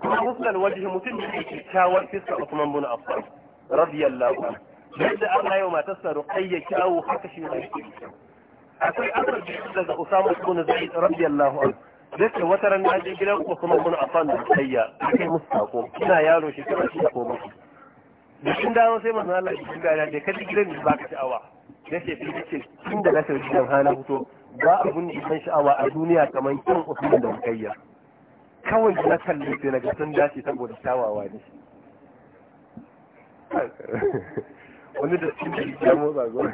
kuma musulman wajhi mutum ne ke kyakkyawar fiskar Usman bin Affan radiyallahu anhu yadda Allah matar sa ruqayya kyawu haka shi ne akwai asar daga Usama ibn Zaid radiyallahu anhu dace wata ran na je gidan Usman ibn afan da ayya kai mustaqo ina yaro shekara shi ko musu da kin dawo sai manzo Allah ya gida da kai gidan da baka sha'awa dace fi dace tun da na gidan hana huto ba abun da san sha'awa a duniya kamar kin Usman da ruqayya kawai na kalli sai na ga sun dace saboda tawawa ne wani da cikin ya motsa goma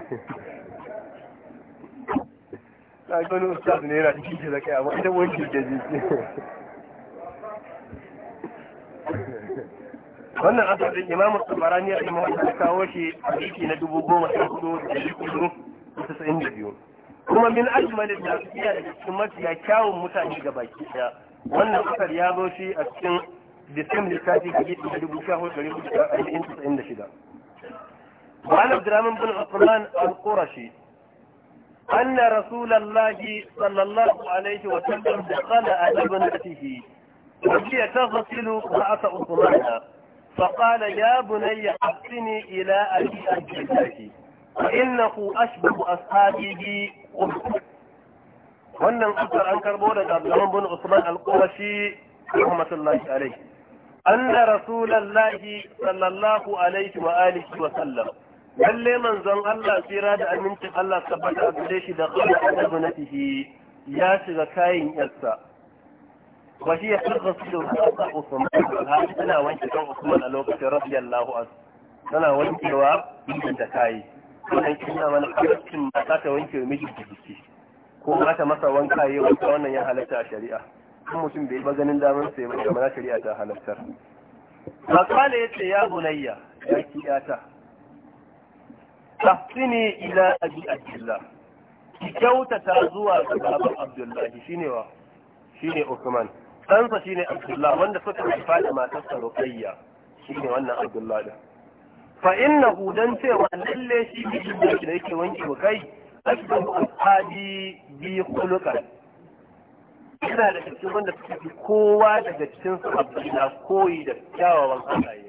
na gani ustaz ne yana cikin shi da kai amma ita wanki ke jiki wannan asalin imamu tsabarani a imamu ta kawo shi a jiki na dubu goma sha hudu da jiki hudu da tasa'in da biyu kuma min ajmalin da iya da cikin ya kyawun mutane ga baki daya wannan asar ya zo shi a cikin disim littafi ga jiki dubu sha hudu da jiki da tasa'in da shida وعن عبد الرحمن بن عثمان القرشي أن رسول الله صلى الله عليه وسلم دخل على ابنته وهي تغسل رأس عثمان فقال يا بني أحسني إلى أبي أجلك فإنه أشبه أصحابي بي قلت wannan asar an karbo daga Abdulrahman bin Usman al-Qurashi rahmatullahi alayhi anna rasulallahi sallallahu alaihi wa alihi wa sallam lalle manzon Allah tsira da amincin Allah tabbata a gare shi da kawai da gunatihi ya shiga kayan yarsa Ba shi ya tsarka su da wata Usman har tana wanke kan Usman a lokacin rabbi radiyallahu anhu tana wankewa mijin da kayi wannan kina mana halaccin za ta wanke mijin da jiki ko ta masa wanka yayi wanka wannan ya halatta a shari'a Kan mutum bai ba ganin damar sai ba kamar shari'a ta halattar. Makala ya ce ya bunayya ya ki ta ahsini ila abi abdullah ki kyautata zuwa ga baban abdullahi shine wa shine usman ɗansa shine abdullah wanda suka haifa da matarsa Rukayya shine wannan abdullah din fa innahu dan cewa lalle shi bijin da yake wanke wa kai asbabu ashabi bi khuluqan yana da cikin wanda suka fi kowa daga cikin sahabbai na koyi da kyawawan halaye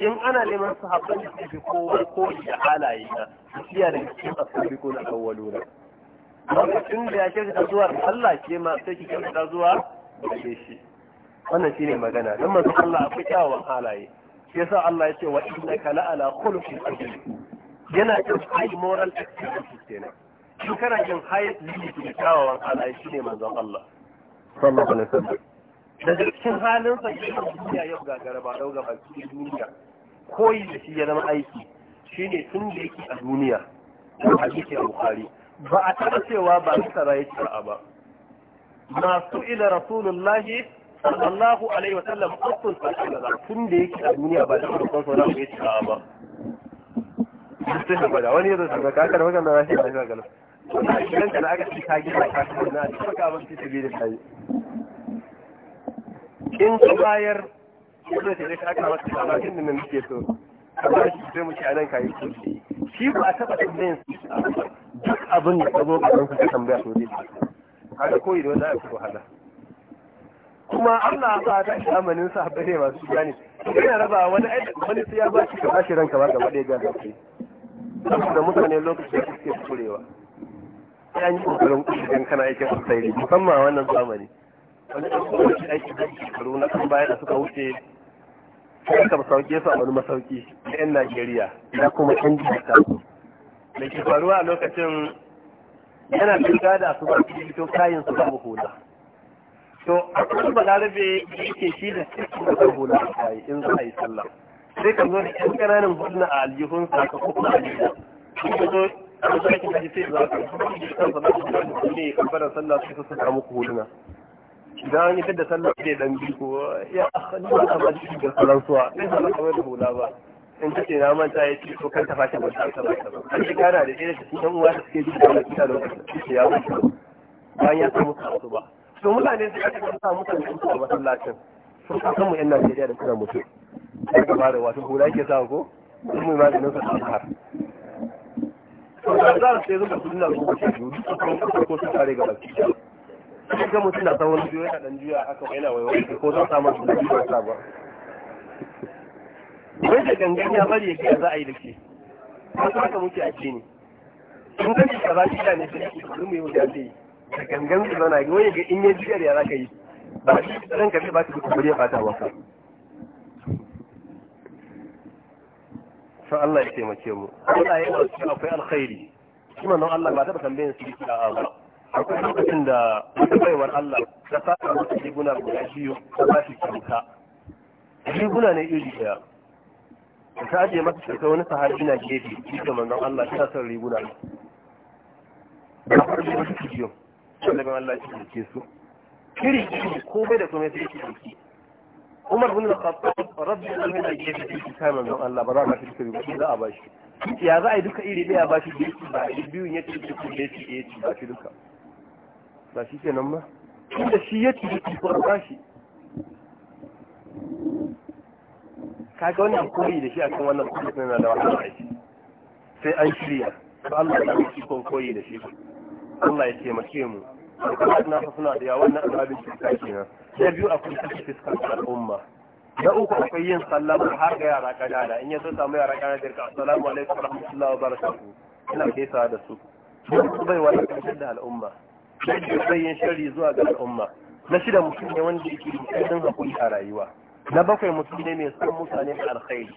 in ana neman sahabban da suke kowa ko da halaye na tafiya da cikin asali ko na awwaluna lokacin da ya kirkita zuwa Allah ke ma sai ki kirkita zuwa ke shi wannan shine magana dan manzo Allah akwai kyawawan halaye shi yasa Allah ya ce wa innaka la ala khuluqin azim yana da high moral activity kenan in kana jin high limit da kyawawan halaye shine manzon Allah sallallahu alaihi wasallam daga cikin halin sa yake duniya yau gagara ba dauga cikin duniya koyi da shi ya zama aiki shi ne tun da yake a duniya da hadisi a bukari ba a taɓa cewa ba su kaza ya shari'a ba masu ila rasulullahi sallallahu alaihi wa sallam asun fasila tun da yake a duniya ba da farkon sauran ya shari'a ba sai da wani yadda sun ka kada magana na shi da shi gana ka kana aka ci ta gina ka na da saka ban ci tabi da kayi. in ka bayar yadda da shi aka masu labarin da muke so kamar shi sai muke anan kayi su shi ba a taba tambayin su duk abin da ka zo gaban ka tambaya so zai kaga koyi da wanda aka wahala kuma Allah ba ta zamanin sa bare masu gane Ina raba wani wani sai ya ba shi ka bashi ranka ba gaba ɗaya ga kai saboda mutane lokacin da suke kurewa an yi kokarin kusurin kana aikin sosai musamman wannan zamani wani ɗan kuma aiki da shekaru na kan baya da suka wuce sai ka sauke su a wani masauki na 'yan Najeriya da kuma 'yan jihata. Da ke faruwa a lokacin yana kirga da su ba su fito kayan su babu hula. To a kuma balarabe da yake shi da cikin da kan hula a kayi in za a yi sallah. Sai ka zo da 'yan ƙananan hulna a aljihun sa ka kuma a jiya Sai ka zo a zo da kuma sai za ka zo da kan su ne kamfanin sallah su su samu huluna. idan an yi da sallah ne dan bi ko ya ba ta ba ji da sallan suwa sai ba ta da hula ba in kace na manta ya ce ko kan ta fashe ba ta ba an ta kana da irin cikin uwa da suke ji da wani kisa lokacin ya wuce bayan ya samu kasu ba to mutane su aka sa mutane su a masallacin sun san mu yan Najeriya da suna mutu sai ka fara wato hula ke sa ko sun mu maganin sa ta har to da za su yi zuwa sunna ko shi duk sun ko su tare ga baki sai ga mutum na tsawon biyo yana dan juya haka yana waiwai ko zan samu su da ba ba wai da gangan ya bari yake za a yi da ke wasu haka muke a ne in kan shi kaza shi ne sai shi kuma yi wajen da yi da gangan su zana ga wani ga in ya jiyar ya za ka yi ba shi ran ka ba shi kuma ya fata wasa fa Allah ya taimake mu Allah ya yi akwai alkhairi Kuma manzon Allah ba ta tambayin su a ba akwai lokacin da wata baiwar Allah ta saka masa riguna guda biyu ta ba shi kyauta riguna ne iri daya ta ajiye masa kyauta wani sahabi na gefe shi ga manzon Allah ta son riguna da farko wata biyu sallabin Allah shi ke su iri iri komai da komai sai ke dauki Umar bin Khattab rabbi alhin da gefe shi ta manzon Allah ba za a shi riguna za a ba shi ya za a yi duka iri daya ba shi biyu ba biyun ya ce shi ne shi ce ba shi duka ba shi ke nan ba inda shi ya ci da ko ba shi kaga wannan koyi da shi a kan wannan kuma suna da wahala aiki sai an shirya Ba Allah ya yi kon koyi da shi Allah ya mace mu kuma na fa suna da yawa wannan azabin cuta nan. na biyu akwai kashe fiskar al'umma na uku akwai yin sallama har ga yara kanana in yaso samu yara kanana ka assalamu alaikum wa wabarakatuh ina gaisa da su ko bai wani kan da al'umma yadda bayan shari zuwa ga al'umma na shida mutum ne wanda yake da hakuri a rayuwa na bakwai mutum ne mai son mutane da alkhairi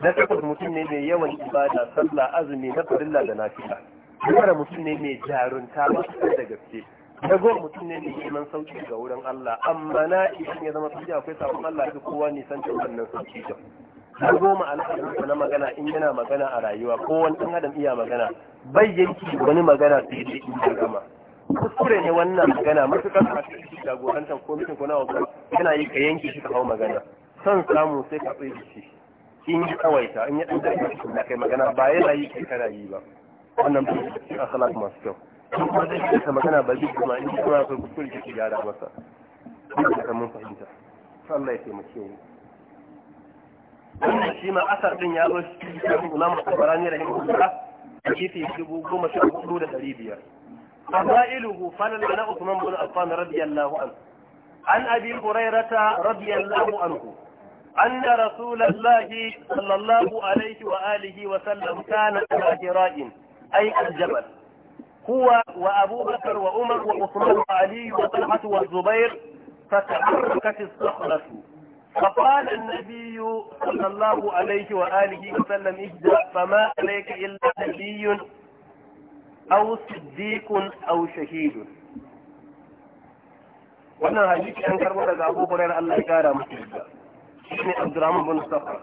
na takwas mutum ne mai yawan ibada sallah azumi na farilla da nafila na tara mutum ne mai jarunta matuƙar da gaske na goma mutum ne mai neman sauki ga wurin Allah amma na idan ya zama sauki akwai sabon Allah duk kowa nisan cewa wannan sauki ta na goma al'adun na magana in yana magana a rayuwa ko wani ɗan adam iya magana bayyanki wani magana sai dai in ya gama kuskure ne wannan magana matuƙar ta cikin jagorantar kwamitin ko nawa yana yi ka yanke shi ka hau magana son samu sai ka tsaye shi in yi tsawaita in yi ɗan jirgin da kai magana ba yana yi kai kana yi ba wannan shi cikin akhlaq masu kyau in kuma zai yi magana ba zai kuma in kuma kai kuskure ki gyara masa ina da mun fahimta Allah ya taimake mu wannan shi ma asar din ya zo shi Imam Bukhari rahimahullah hadisi dubu goma sha hudu da ɗari biyar فضائله فلن عثمان بن عفان رضي الله عنه عن أبي هريرة رضي الله عنه أن رسول الله صلى الله عليه وآله وسلم كان على هراء أي الجبل هو وأبو بكر وعمر وعثمان وعلي وطلحة والزبير فتحركت الصخرة فقال النبي صلى الله عليه وآله وسلم اهدأ فما عليك إلا نبي aw siddiqun aw shahidun wannan hadisi an karbo daga Abu Hurairah Allah ya kara masa yarda shine Abdurrahman bin Safar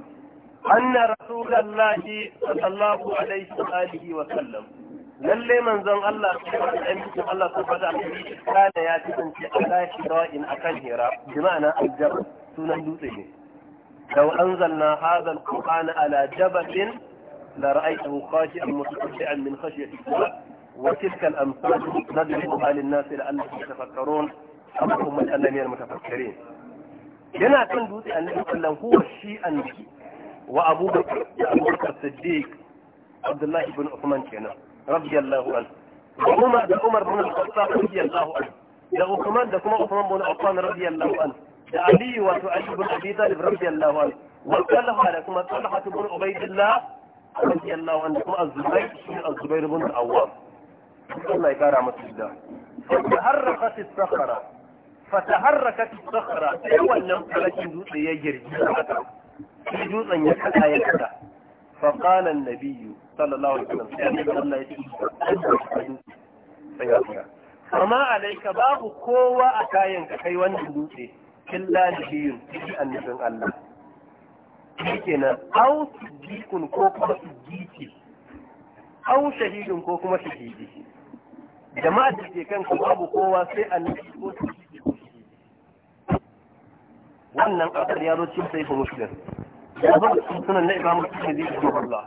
anna rasulullahi sallallahu alaihi wa alihi lalle manzon Allah sallallahu alaihi wa Allah subhanahu a ta'ala kana ya kasance a tashi dawa'in akan hira jama'ana ma'ana aljab sunan dutse ne law anzalna hadha alqur'ana ala a la ra'aytahu khashi'an mutasaddian min khashyati وتلك الامثال نضربها للناس لانهم يتفكرون امرهم من انني المتفكرين هنا كان جزء ان لو هو الشيء شيئا وابو بكر ابو بكر الصديق عبد الله بن عثمان كان رضي الله عنه وهما عمر بن الخطاب رضي الله عنه ده عثمان ده كما عثمان بن عفان رضي الله عنه ده علي وسعيد بن ابي طالب رضي الله عنه وكله على كما طلحه بن عبيد الله رضي الله عنه الزبير الزبير بن العوام. Allah ya kara masa gida fataharrakat as-sakhara fataharrakat as-sakhara sai wannan farashin dutse ya girgi sai dutsen ya kada ya kada fa qala Biyu, sallallahu alaihi wasallam sai Allah ya ce sai ya tsaya amma alaika babu kowa a kayan ka kai wannan dutse illa nabiyun shi annabin Allah shikenan aw siddiqun ko kuma siddiqi aw shahidun ko kuma shahidi Jama'a da ke kanka babu kowa sai annabi ko wannan ƙasar ya zo cikin sai ko muslim ya zo cikin sunan na imamu tirmidhi rahimahullah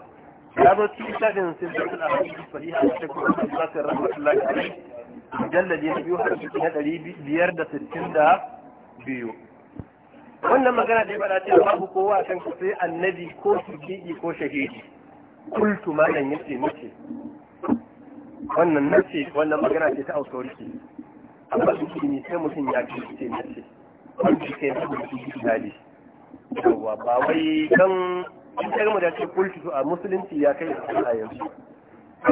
ya zo cikin shafin sirrin al-hadith sahiha da a cikin basir rahmatullahi alayhi mujalladi na biyu hadisi na ɗari biyar da sittin da biyu wannan magana da ya faɗa cewa babu kowa a kan sai annabi ko shahidi ko shahidi kultu malam yace mace wannan nace wannan magana ce ta authority amma su ne sai mutum ya ce ce nace wanda ke da su dali yawa ba wai kan ita mu da ce to a musulunci ya kai a yanzu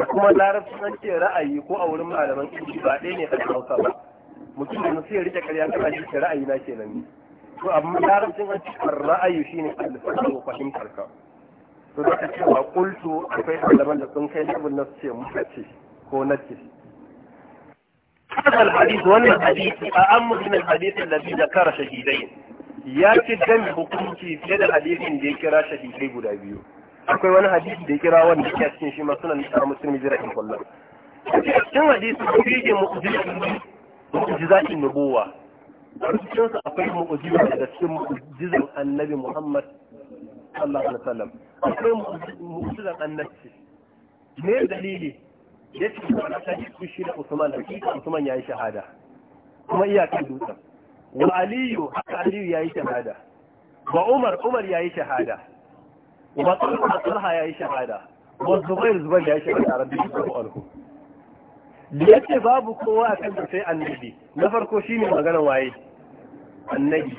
kuma larabci an ce ra'ayi ko a wurin malaman ilimi ba ɗaya ne kan hausa ba mutum da sai rike karya kana shi ce ra'ayi na kenan ne to amma larabcin an ce ra'ayi shine alfasa ko fahimtar ka to da ba kulto akwai malaman da sun kai labin na ce muka ce ko najis هذا الحديث وان الحديث أأم من الحديث الذي ذكر شهيدين ya ci dan hukunci fiye da hadisin da ya kira shahidai guda biyu akwai wani hadisi da ya kira wanda ya cikin shi ma sunan da musulmi jira in kullum cikin hadisi da yake mu'jizatin nubuwa cikin su akwai mu'jiza da cikin mu'jizan annabi Muhammad sallallahu alaihi wasallam akwai mu'jizan annabi ne dalili ya ce wani ta shi da usman hakika usman ya yi shahada kuma iyakan dutsen wa aliyu haka aliyu ya yi shahada wa umar umar ya yi shahada wa talha talha ya yi shahada wa zubair zubair ya yi shahada rabbi da alaihi da ya babu kowa a kan sai annabi na farko shine magana waye annabi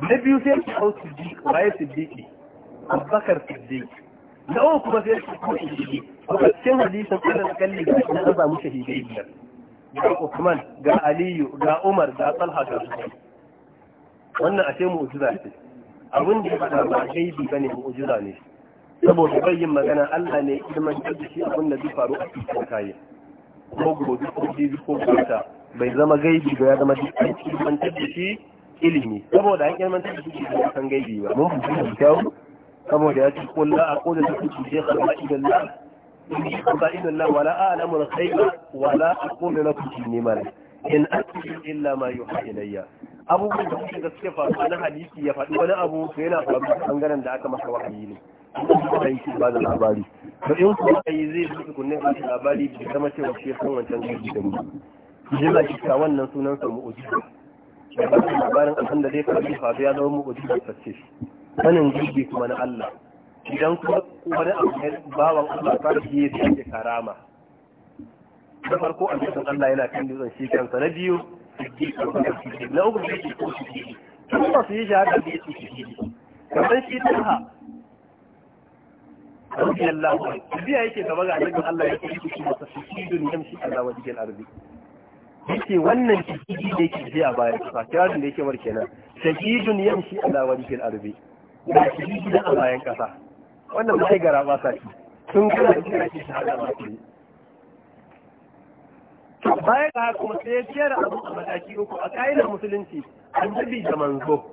na biyu sai ki hau siddiq waye siddiqi abubakar siddiq na uku kuma sai ki hau siddiq cikin hadisin alal kalli ga na an samu shahidai biyar ga Uthman ga Aliyu ga Umar ga Talha ga wannan ashe mu'jiza ce abin da ya faɗa ba gaibi bane mu'jiza ne saboda bai yin magana Allah ne ilman da shi abin da zai faru a cikin kayan ko gobe ko jibi ko kwata bai zama gaibi ba ya zama dukkan ilman da shi ilimi saboda an ilman da shi ba san gaibi ba mun fi da kyau saboda ya ci kullu aqulu lakum bi shaykh al-ilm إني خزائن الله ولا أعلم الغيب ولا أقول لكم إني ملك in asiri illa ma yuha ilayya abubuwan da suke gaske faru na hadisi ya faɗi wani abu to yana faru a bangaren da aka masa wahayi ne sai shi ba da labari to in kuma kai zai fi kunne ba labari bai zama cewa shi san wancan gidi da mu jima kika wannan sunan sa mu'jiza da ba labarin abin da zai faru faru ya zama mu'jiza sace sanin gidi kuma na Allah idan kuma wani abu ne bawan Allah ba shi ya fi karama da farko a cikin Allah yana kan dutsen shi kansa na biyu na uku da ko shi kuma masu yi shahada da yake shi kamar shi ta ha Allah الله عنه biya yake gaba ga annabi Allah ya yi shi masa shidun shi Allah wajhil ardi yake wannan shi da yake biya baya fa kira da yake war kenan shidun yamshi Allah wajhil ardi da shidi da a bayan kasa wannan mai gara ba sa sun da cikin ake shahada ba su bayan ga haka kuma sai ciyar abu a mataki uku a ka'idar musulunci annabi da manzo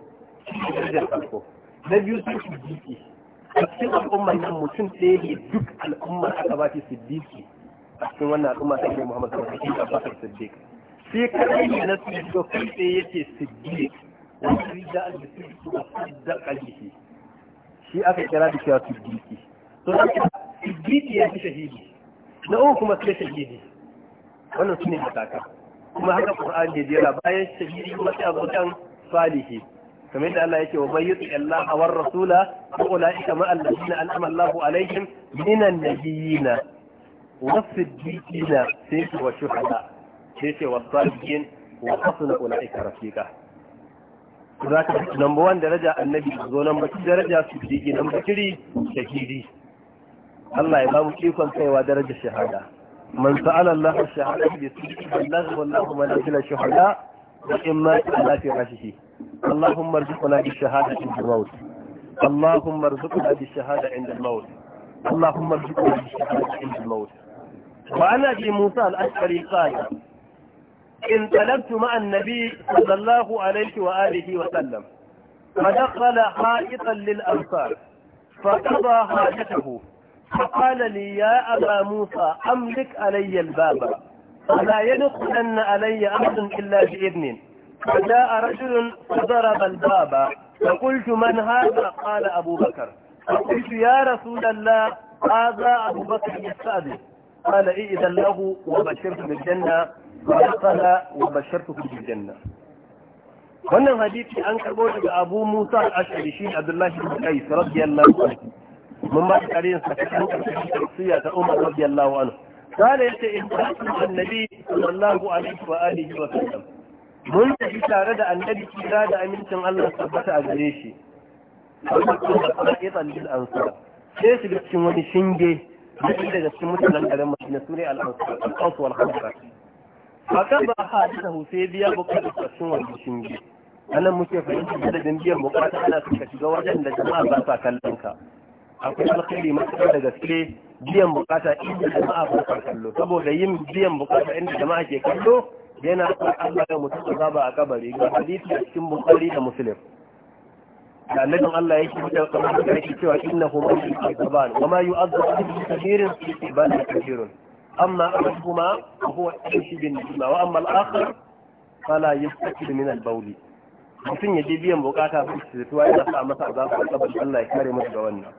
shi jirgin farko na biyu sun jiki a cikin al'ummar nan mutum ɗaya ne duk al'ummar aka ba shi siddiki a cikin wannan al'umma ta ke muhammadu sallallahu alaihi wasallam siddiq sai kadai ne na sunni to kai sai yace siddiq wa idza al-siddiq wa saddaqa bihi shi aka kira da cewa siddiqi to ya fi shahidi na uku kuma sai shahidi wannan sune mataka kuma haka qur'ani da jira bayan shahidi kuma sai abudan salihi kamar yadda Allah yake wa man yuti Allah war rasula fa ulaika ma alladhina an'ama Allahu alaihim minan nabiyina wa siddiqina sai wa shuhada sai wa salihin wa hasuna ulaika rafiqa za ka number one daraja annabi zo number two daraja su jiki number three shahidi Allah ya ba mu ikon kaiwa darajar shahada man sa'ala Allah shahada bi sidqi balagha wallahu manazila shuhada wa imma ala fi rashihi اللهم ارزقنا بالشهادة عند الموت اللهم ارزقنا بالشهادة عند الموت اللهم ارزقنا بالشهادة عند الموت وعن أبي موسى الأشعري قال انطلبت مع النبي صلى الله عليه وآله وسلم فدخل حائطا للأنصار فقضى حاجته فقال لي يا أبا موسى أملك علي الباب فلا أن علي أحد إلا بإذن فجاء رجل فضرب الباب فقلت من هذا قال أبو بكر فقلت يا رسول الله هذا أبو بكر يستأذن قال إذا له وبشرت بالجنة ودخل وبشرته بالجنة wannan hadisi an karbo daga Abu Musa al-Ash'ari shi Abdullah ibn Qais radiyallahu anhu mun ba tare da sakan tafsiya ta Umar radiyallahu anhu قال يا إبراهيم النبي صلى الله عليه وآله وسلم mun tafi tare da annabi kira da amincin Allah tabbata a gare shi sai shiga cikin wani shinge duk daga cikin mutanen garin Madina sune al-Ansar al-Ansar hakan ba ha da sai biya bukatar sassun wani shinge anan muke fahimta adadin biyan bukata ana suka shiga wajen da jama'a ba sa kallon ka akwai alkhairi matuƙa da gaske biyan bukata inda jama'a ba sa kallo saboda yin biyan bukata inda jama'a ke kallo yana sa Allah ya da zaba a kabari ga hadisi a cikin bukhari da muslim da annabin Allah yake mutu da kamar da yake cewa innahu man yu'azzaban wa ma yu'azzabu bi kabirin fi ibadati kabirin أما أحدهما فهو يمشي بالنجمة وأما الآخر فلا يستكد من البول mutum ya je biyan bukata ba shi tuwa yana sa masa a a kabar Allah ya kare masa da wannan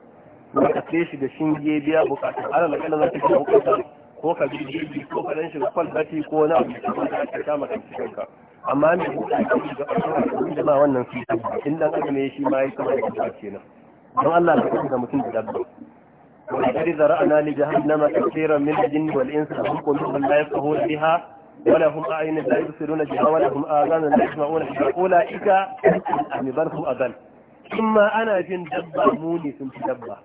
kuma ka tsaye shi da shinge biya bukata ana da kana zaka biya bukata ko ka bi jirgi ko ka dan shiga kwalbati ko wani abu da ka ka kama kan cikinka amma me bukata ga Allah da ma wannan fita in dan adam ne shi ma ya kama da kenan don Allah ya kare mutum da dabba ولقد ذرأنا لجهنم كثيرا من الجن والإنس لهم قلوب لا يفقهون بها ولهم أعين لا يبصرون بها ولهم آذان لا يسمعون بها أولئك أم بل هم أضل إما أنا جن دبا موني ثم دبا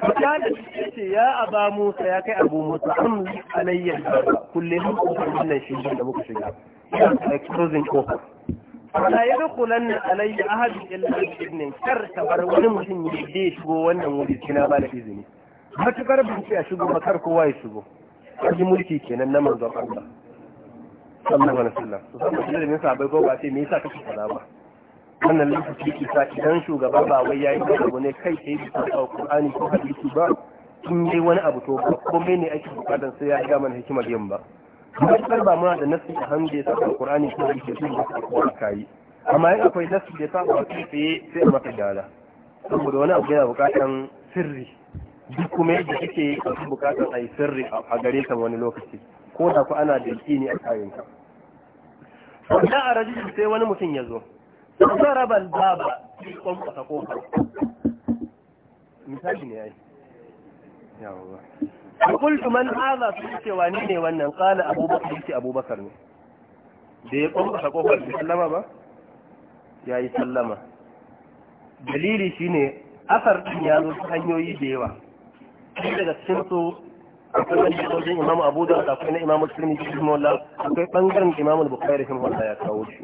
فقال يا أبا موسى يا كي أبو موسى أملك علي كلهم أفر من الشيء لبك شجاع يا كروزين أفر la ya dukulan na alayya ahadu illa ibnin kar ta bar wani mutum ya je shigo wannan wuri kina ba da izini matukar ce a shigo ba kar kowa ya shigo kaji mulki kenan na manzon Allah sallallahu alaihi wasallam to saboda ilimin sahabbai ko ba sai me yasa kake kaza ba wannan lokaci ke sa idan shugaba ba wai yayi da abu ne kai sai bisa alqur'ani ko hadisi ba in dai wani abu to ba komai ne ake bukatar sai ya ga mana hikimar yin ba matuƙar ba muna da nasi a hannu da ya saba Qur'ani ko da ke sun da kuma kayi amma in akwai nasi da ya saba kai tsaye sai a maka gyara saboda wani abu yana buƙatan sirri duk kuma yadda kake kasu buƙatan a yi sirri a gare ka wani lokaci ko da ku ana da ne a kayan ka wannan a rajin sai wani mutum ya zo sarabal baba sai kwankwasa kofar misali ne ai yawwa qultu man hadha su ce wani ne wannan qala abubakar yace abubakar ne da ya kwamba ka kofar da sallama ba ya yi sallama dalili shine asar ɗin ya zo hanyoyi da yawa daga cikin su akwai wani wajen imamu abu da akwai na imamu tirmi da shi mawala akwai bangaren imamu bukari shi mawala ya kawo shi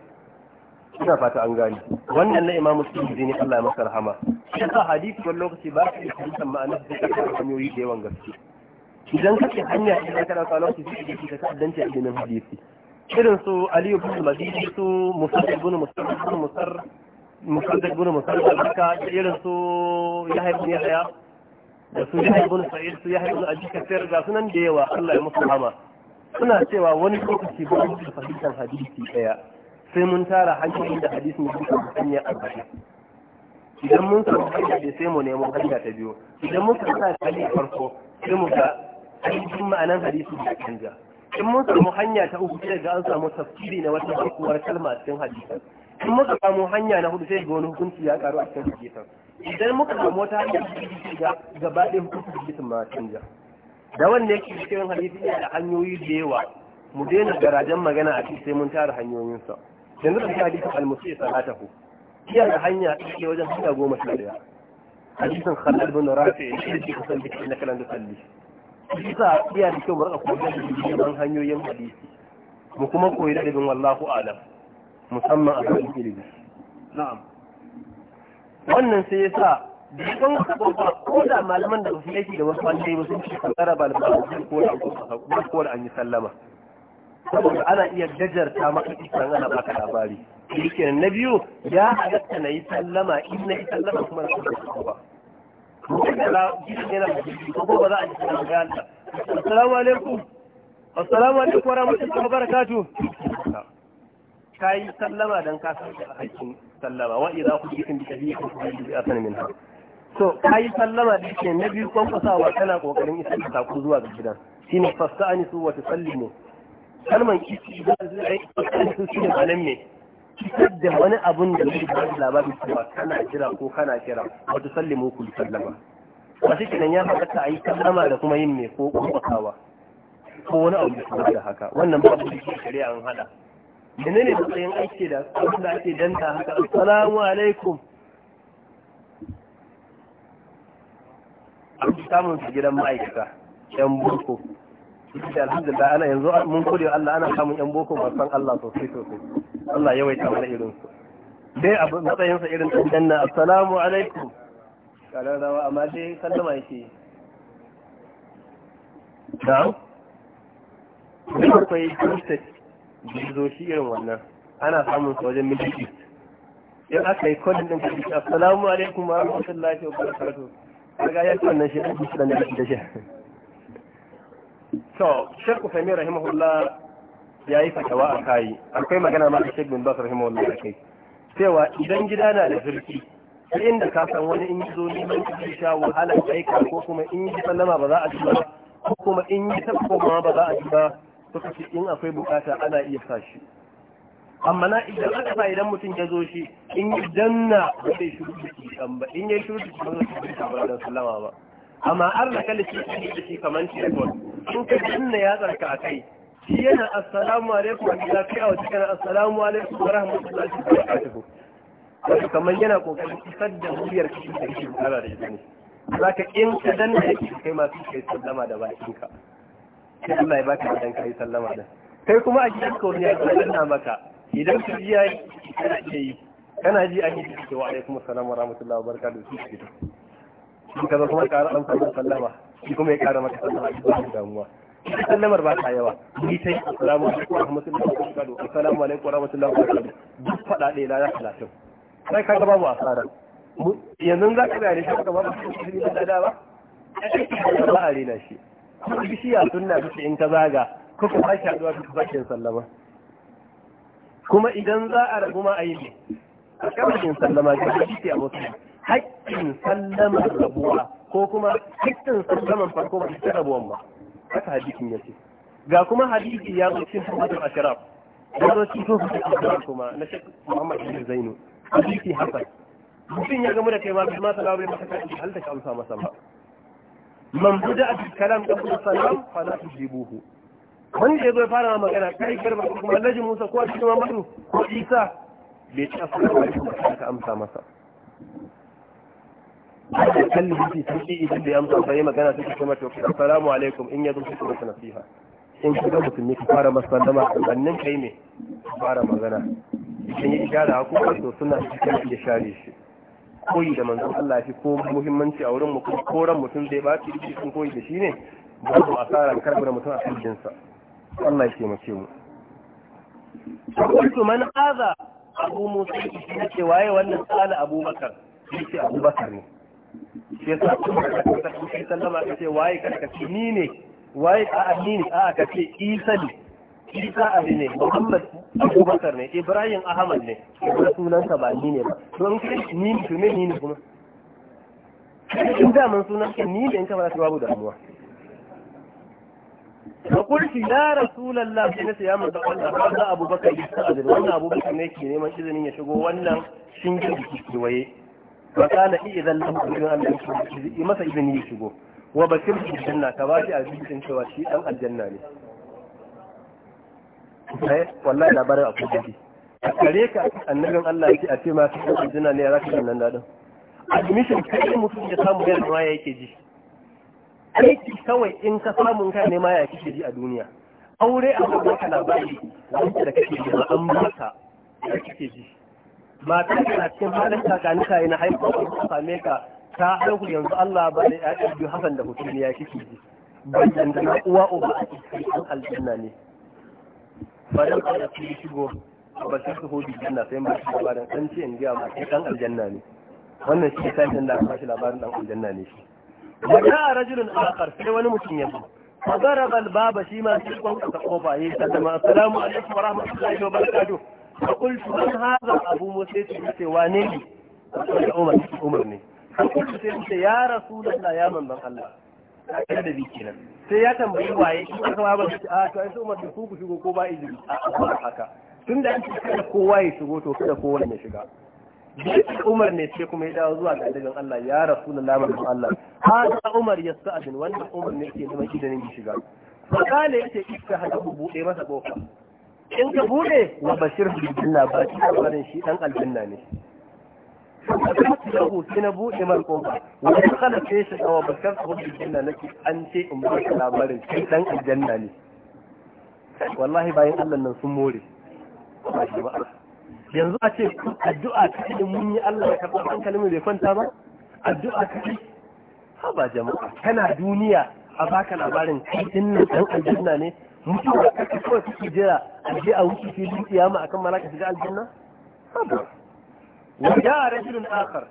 ina fata an gani wannan na imamu tirmi ne Allah ya masa rahama shi sa hadisi wani lokaci ba su yi hadisan ma'anar da ta hanyoyi da yawan gaske idan kake hanya idan kana sa lokaci zai yi ka ta'addanci a ilimin hadisi irin su aliyu bin madini su musaddad bin musaddad bin musar musaddad bin musaddad haka irin su yahya bin yahya da su yahya bin sa'id su yahya bin abi kasir ga sunan da yawa Allah ya musu rahama suna cewa wani lokaci ba mu fahimtar hadisi daya sai mun tara hanyoyin da hadisi ne duka hanya a baya idan mun samu hanya da sai mu nemo hanya ta biyu idan mun samu hanya farko sai mu ga ainihin ma'anan hadisi da kanja in mun samu hanya ta uku sai ga an samu tafsiri na wata bakuwar kalma a cikin hadisan in muka samu hanya na hudu sai ga wani hukunci ya karu a cikin hadisan idan muka samu wata hanya ga gaba ɗaya da hadisin ma canza da wanda yake cikin hadisi ne da hanyoyi da yawa mu daina garajen magana a cikin sai mun tara hanyoyinsa yanzu da hadisin al-musi salatahu iya da hanya take wajen hanya goma sha daya hadisin khalid bin rafi shi da kusan da ke na kalan da sallisi bisa iya da kyau rika koyar da ilimin hanyoyin hadisi mu kuma koyi da ilimin wallahu alam musamman a kan ilimi na'am wannan sai ya sa da ya kan ko da malaman da su yake da wasu wanda ya sun ce kankara ba da ko da ko da an yi sallama saboda ana iya gajarta maka isan ana baka labari shi na biyu ya halatta na yi sallama in na yi sallama kuma na ba assalamu alaikum assalamu alaikum wa rahmatullahi wa barakatuh kai sallama dan ka san da hakkin sallama wa idza kujitum bi tahiyyati bi asan minha so kai sallama da yake na biyu kon kusawa kana kokarin isa da sako zuwa ga gidan shine fasta'anisu wa tusallimu kalman kisi da zai aiki su shine malam me fitar da wani abun da zai ba da labari cewa kana kira ko kana kira wato sallimu ku sallama shi kinan ya faɗa ta yi sallama da kuma yin mai ko kwakwakawa ko wani abu da da haka wannan babu da shari'a an hada menene matsayin aiki da su da ake danta haka assalamu alaikum an fi samun su gidan ma'aikata yan burko da alhamdulillah ana yanzu mun gode Allah ana samun yan boko ba san Allah sosai sosai Allah yawaita mana irin su dai abu matsayin sa irin dan danna assalamu alaikum karan rawa amma dai sallama yake Da. duk akwai kirista zo shi irin wannan ana samun sa wajen miliki in aka yi kodin din kirista assalamu alaikum wa rahmatullahi wa barakatuh kaga ya ci wannan shi da shi da shi to shek usaimi rahimahullah ya yi fatawa a kayi akwai magana ma shek bin basar rahimahullah a kai cewa idan gida na da zurfi sai inda ka san wani in zo neman kuɗi sha wahalar aika ko kuma in yi sallama ba za a ji ba ko kuma in yi tabboma ba za a ji ba suka ce in akwai bukata ana iya sa shi amma na idan aka sa idan mutum ya zo shi in yi danna ba zai shuru da shi ba in yi shuru da shi ba zai shuru da ba sallama ba amma arna kalifi da shi kamar ko in ka danna ya zarka a kai shi yana assalamu alaikum wa lafiya wa cikin assalamu alaikum wa rahmatullahi wa barakatuh wato kamar yana kokarin isar da muryar shi da shi bukara da izini za ka in ka danna ya kishi kai masu kai sallama da bakinka sai Allah ya baka dan kai sallama da kai kuma a gidan ka wani ya danna maka idan ka ji ya yi kana ji an yi ka wa alaikum assalam wa rahmatullahi wa barakatuh in ka zo kuma ƙara ɗan kuma sallama shi kuma ya ƙara maka sallama a cikin damuwa sallamar ba ta yawa ni ta yi assalamu alaikum wa rahmatullahi wa barakatuh assalamu alaikum wa rahmatullahi wa barakatuh duk faɗa ɗaya na ya talatin sai ka ga babu asara yanzu za ka gane shi ka babu shi da da ba ba a rena shi kuma bishiya sunna bisa in ka zaga ko ka sake haɗuwa ka sake sallama kuma idan za a rabu ma a yi ne a yin sallama ga shi ke a wasu haƙƙin sallamar rabuwa ko kuma haƙƙin sallamar farko ba ta rabuwan ba haka hadisin yake. ga kuma hadisi ya zo cikin hadisin ashraf ya zo cikin sunan ashraf kuma na shek muhammad bin zainu hadisi haka mutum ya gamu da kai ma bi ma salawa bai masa kai halta ka amsa masa ba man buda bi kalam da kuma salam fa la tujibuhu wanda ya zo fara magana kai garba kuma Alhaji Musa ko a cikin mamadu ko Isa bai ci sallama ba ka amsa masa da kalli shi sun ci idan da yamsa, sai magana suke kuma to assalamu alaikum in yazo su kuma nasiha in ka mutum ne ka fara masallama sannan kai me fara magana idan ya ishara ko to suna cikin da share shi koyi da manzon Allah shi ko muhimmanci a wurin mu ko koran mutum zai ba shi sun koyi da shi ne ba babu asara karbar mutum a cikin sa Allah ya taimake mu Kuntu man aza Abu Musa yake ce waye wannan tsala Abu Bakar? Yace Abu Bakar ne. shi yasa kuma ka ce sallama ka ce waye ka ce ni ne waye a ni ne a ka ce isa ne isa ali ne muhammad abubakar ne ibrahim ahmad ne da sunanka ba ni ne ba don kai ni ne to ni ne kuma in da mun sunan ka ni ne in ka fara babu damuwa fa qulti ya rasulullah sai nace ya manzo Allah wannan abubakar ya sa wannan abubakar ne ke neman izinin ya shigo wannan shingin jiki waye fa kana i idan lam yu'minu an yi masa izini ya shigo wa bakir fil janna ka bashi a cikin cewa shi dan aljanna ne eh wallahi labarin akwai dadi kare ka annabin Allah yake a ce ma shi dan aljanna ne ya raka nan dadin admission kai mutum ya samu yana ma yake ji aiki kawai in ka samu ka ne ma ya ji a duniya aure a ba ka labari wanda da kake ji an baka ya kike ji mata na cikin halin kakanika yana da su same ka ta haihu yanzu Allah ba da ya'ya biyu hasan da mutum ya kike ji bayan da uwa uba a cikin aljanna ne ba dan ka da kiri shigo ba sai su hudu janna sai ma shi ba dan an ce giya ba cikin aljanna ne wannan shi sai dan da kuma shi labarin dan aljanna ne shi wa a rajulun akhar sai wani mutum ya zo فضرب الباب شيما في قوة قوة يسلم السلام عليكم ورحمة الله وبركاته فقلت من هذا أبو موسى سيدي وانيني فقال عمر عمر ne فقلت سيدي يا رسول الله يا من بن الله kada da biki nan sai ya tambayi waye shi ka kuma ba a to ai su umar ku ku shigo ko ba izini a haka tun da ake kada kowa ya shigo to kada kowa ya shiga bikin umar ne sai kuma ya dawo zuwa ga dagan Allah ya rasulullah manzo Allah hada umar ya sa'adin wanda umar ne ke neman izinin shiga fa kale yake iska hada bude masa kofa in ka bude wa bashir aljanna ba shi labarin shi dan aljanna ne lahu sai na bude mar kofa wa ya kana sai shi wa bashir aljanna nake an ce in ba ka labarin shi dan aljanna ne wallahi bayan Allah nan sun more yanzu a ce addu'a ta idan mun yi Allah ya karɓa hankalin mu bai kwanta ba addu'a ta ce ha ba jama'a kana duniya a baka labarin kai din nan dan aljanna ne mutuwa kake kawai suke jira a je a wuce filin kiyama akan malaka shiga aljanna wa ja'a rajulun akhar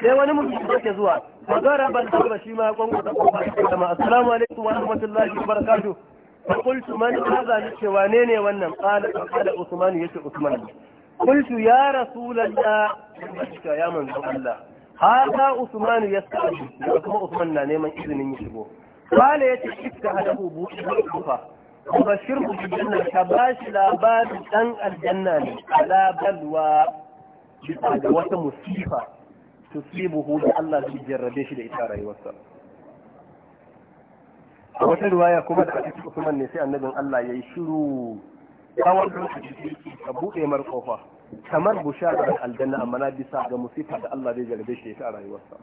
sai wani mutum da ke zuwa fa garaba al-baba shi ma gongo da kofa kuma assalamu alaikum wa rahmatullahi wa barakatuh fa qultu man hadha ce wane ne wannan qala qala usman yace usman qultu ya rasulullah ya manzo Allah hada usman yas'al kuma usman na neman izinin ya shigo kwale ya ce shifka hada hubu shi rufa kuma shirku da janna ka ba shi labarin dan aljanna ne alabalwa bisa da wata musifa su fi buhu da Allah zai jarrabe shi da ita rayuwarsa a wata ruwaya kuma da ake usman ne sai annabin Allah ya yi shiru kawar lokaci ka buɗe mar kofa kamar bushara aljanna amma na bisa ga musifa da Allah zai jarrabe shi da ita rayuwarsa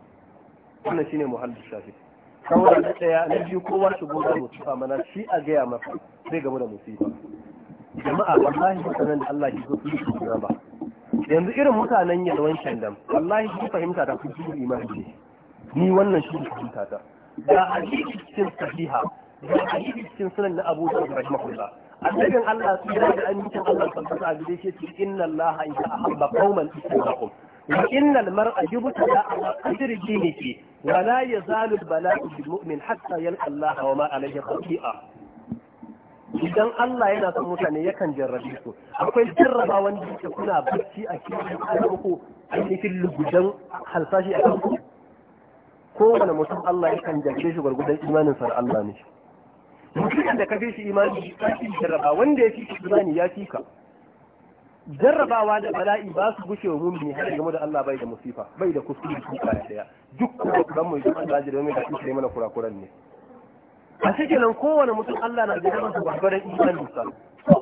wannan shine muhallin shafi'i saura na ɗaya na biyu kowa shi gobe da musifa mana shi a gaya masa zai gaba da musifa jama'a wallahi mutanen da Allah ke so su yi ba yanzu irin mutanen yalwan shandam wallahi shi fahimta ta kun shi imani ne ni wannan shi fahimta ta da hadisi cikin sahiha da hadisi cikin sunan na Abu Dawud rahimahullah annabin Allah su da amincin Allah sallallahu a wasallam shi inna Allah idza ahabba qauman istaghfara وإن المرء يبتلى على قدر دينه ولا يزال البلاء بالمؤمن حتى يلقى الله وما عليه خطيئة idan Allah yana son mutane yakan jarrabe su akwai jarraba wanda yake kuna barci a cikin ku cikin lugudan halsashi a kanku kowane mutum Allah yakan jarrabe shi gwargudan imanin sa Allah ne mutum da kafe shi imani ya jarraba wanda ya fi imani ya fi ka jarrabawa da bala'i ba su gushe mummi har game da Allah bai da musifa bai da kuskure ko kaya daya duk kuma mu da Allah da domin da kuskure mana kurakuran ne a cikin nan kowane mutum Allah na da masa babbaran imanin sa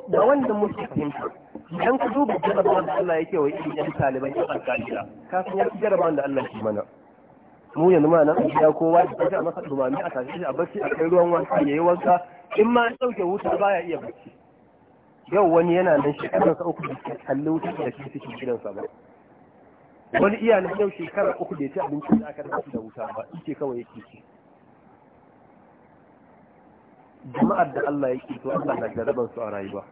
da wanda muke fahimta idan ka duba jarrabawa da Allah yake wa idan taliban ya alƙalira ka san ya jarrabawa da Allah shi mana mu yanzu ma nan ya kowa da ta masa dumami a tashi a barci a kai ruwan wanka yayi wanka in ma ya dauke wuta baya iya barci yau wani yana nan sa uku da ke kalli wuta da ke cikin gidansa ba wani iyalin yau shekarar uku da ya ci abinci da aka rubuta da wuta ba ike kawai yake ci jama'ar da Allah yake to Allah na jaraban su a rayuwa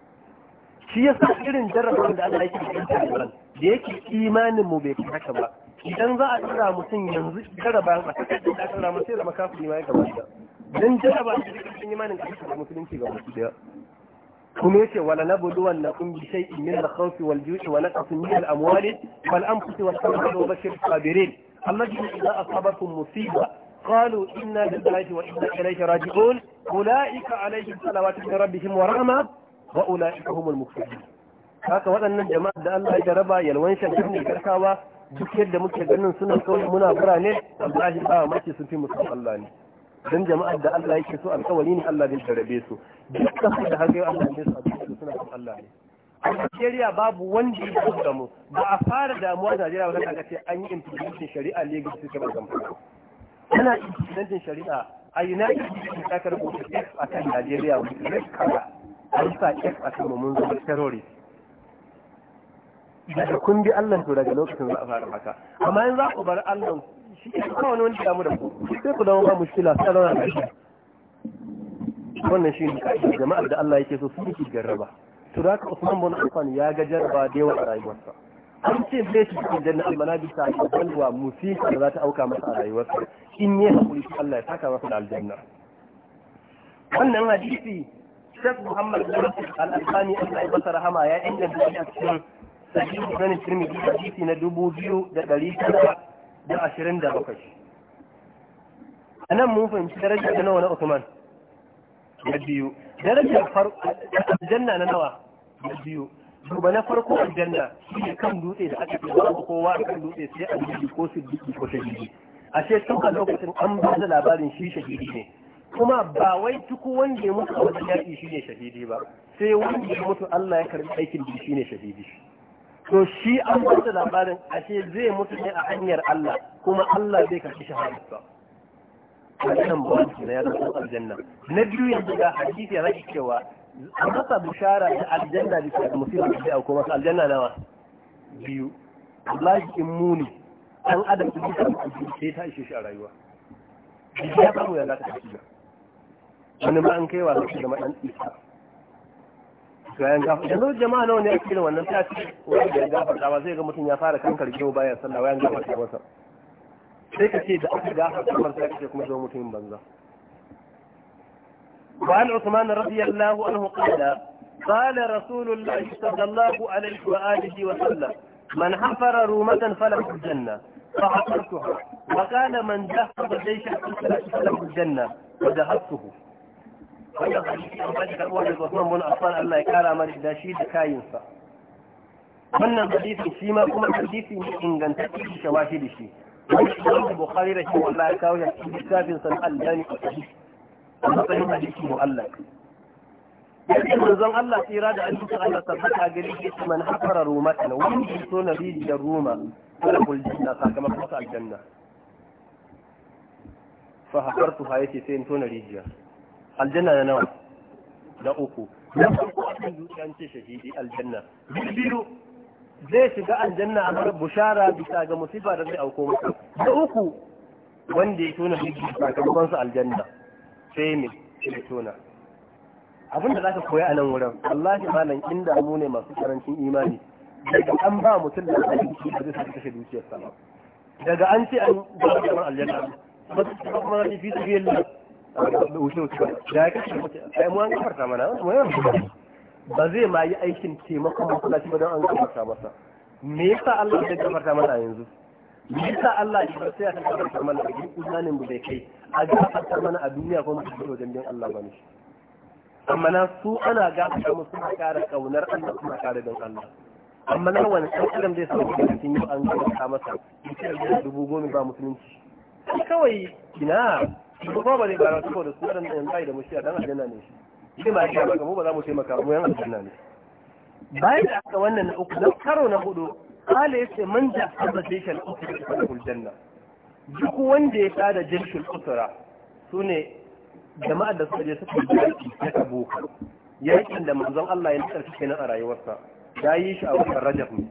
shi yasa irin jarabar da Allah yake cikin jarabar da yake imanin mu bai kai haka ba idan za a tsara mutum yanzu jaraba a cikin da aka tsara mutum sai da makafin imani gaba da dan jaraba a cikin imanin ka da musulunci gaba da kuma yace wala nabluwan na bi bishai min al-khawfi wal ju'i wa naqsin min al-amwali wal anfusi was thamani wa bashir sabirin alladhina idha asabatkum musiba qalu inna lillahi wa inna ilayhi raji'un ulaika alayhim salawatu min rabbihim wa rahma wa ulaika humul muflihun haka waɗannan jama'a da Allah ya raba yalwan shafin ne garkawa, duk yadda muke ganin suna kawai muna birane Allah ya ba mace sun fi musu Allah ne dan jama'ar da Allah yake so alƙawari ne Allah zai jarabe su dukkan da haka Allah ne su suna kan Allah ne a Najeriya babu wanda ya fi damu ba a fara damuwa a Najeriya wata kaga ce an yi implementation shari'a ne ga su kamar zamfara ana implementation shari'a a United Nations ta karɓo X a kan Najeriya with red color an sa X a kan mun zama terrorist daga kun bi Allah to daga lokacin za a fara haka amma yanzu za ku bar Allah shi ne wani wani damu da ku sai ku zama ba mushkila sai da shi wannan shi ne jama'ar da Allah yake so su yi jarraba to da haka Usman bin Affan ya ga jarraba da yawa a rayuwarsa an ce zai ci cikin janna almana bi ta wa musifa da za ta auka masa a rayuwarsa in ne hakuri shi Allah ya saka masa da aljanna wannan hadisi Sheikh Muhammad bin Al-Albani Allah ya basa rahama ya inganta shi a cikin sahihu sunan Tirmidhi hadisi na dubu biyu da ɗari da ashirin da bakwai a nan mun fahimci darajar da nawa na Usman na biyu darajar aljanna na nawa na biyu duba na farko aljanna shi ne kan dutse da aka fi babu kowa kan dutse sai a biyu ko su biyu ko a ashe sun a lokacin an ba da labarin shi shahidi ne kuma ba wai duk wanda ya mutu a wajen yaƙi shi ne shahidi ba sai wanda ya mutu Allah ya karɓi aikin da shi ne shahidi to shi an ba da labarin ashe zai mutu ne a hanyar Allah kuma Allah zai karɓi shahadarsa wannan ba shi ya yaran aljanna na biyu yanzu ga hadisi ya rage cewa an masa bushara da aljanna da ke musulmi da kuma aljanna nawa biyu Allah in muni an adam su bisa sai ta ishe shi a rayuwa ya samu ya za ta ba wani ma an kai wa da maɗan isa bayan gafar yanzu jama'a nawa ne ake da wannan ta ce wani da ya gafarta ba zai ga mutum ya fara kankar kyau bayan sallah bayan gafarta masa sai ka ce da aka gafarta masa sai ka ce kuma zama mutumin banza وعن عثمان رضي الله عنه قال قال رسول الله صلى الله عليه وآله وسلم من حفر رومة فله الجنة فحفرتها وقال من جهز جيشا فله الجنة وجهزته wannan hadisi an bashi karbuwa daga Usman bin Affan Allah ya kara mara da shi da kayinsa wannan hadisi shi ma kuma hadisi ne ingantacce da shawashi da shi wani shi Bukhari da shi wallahi ya kawo shi littafin san al-Jami a matsayin hadisi mu'allaq yadda manzon Allah tsira da alifin Allah tabbata a gari shi man hafara Roma kana wani ya so na ridi da Roma kala kuljanna sakamakon aljanna fa hafartu ha yace sai in tona rijiya aljanna na nawa na uku na farko kan zuciya ce shahidi aljanna biyu zai shiga aljanna a mara bushara bisa ga musifa da zai auko masa da uku wanda ya tona bibi sakamakon su aljanna sai me ya tona abin da zaka koya a nan wurin wallahi malam inda mu ne masu karancin imani daga an ba mutum da alhaki da zai kashe dukiyar sa daga an ce an ba da aljanna ba su kuma fi su fiye da ya ba ma yi aikin taimakon masallaci ba an kafarta masa me yasa Allah mana yanzu me yasa Allah ya bar sai ya mana mu bai kai a gafarta mana a duniya ko mu fito wajen bin Allah ba ne amma na su ana gafarta mu suna kaunar Allah suna ƙara don Allah amma na wani ɗan adam zai samu cikin yau an gafarta masa mutum da dubu goma ba musulunci kawai ina ko ba ne bara saboda su dan dan bai da mushiya dan aljanna ne shi sai ba ya ba, mu ba za mu taimaka mu yan aljanna ne bayan da aka wannan na uku na karo na hudu kala yace man da abbasation ukra fa aljanna duk wanda ya kada jinsul usra sune jama'ar da suka je suka yi ya tabo yakin da manzon Allah ya tsarki kenan a rayuwarsa ya yi shi a watan Rajab ne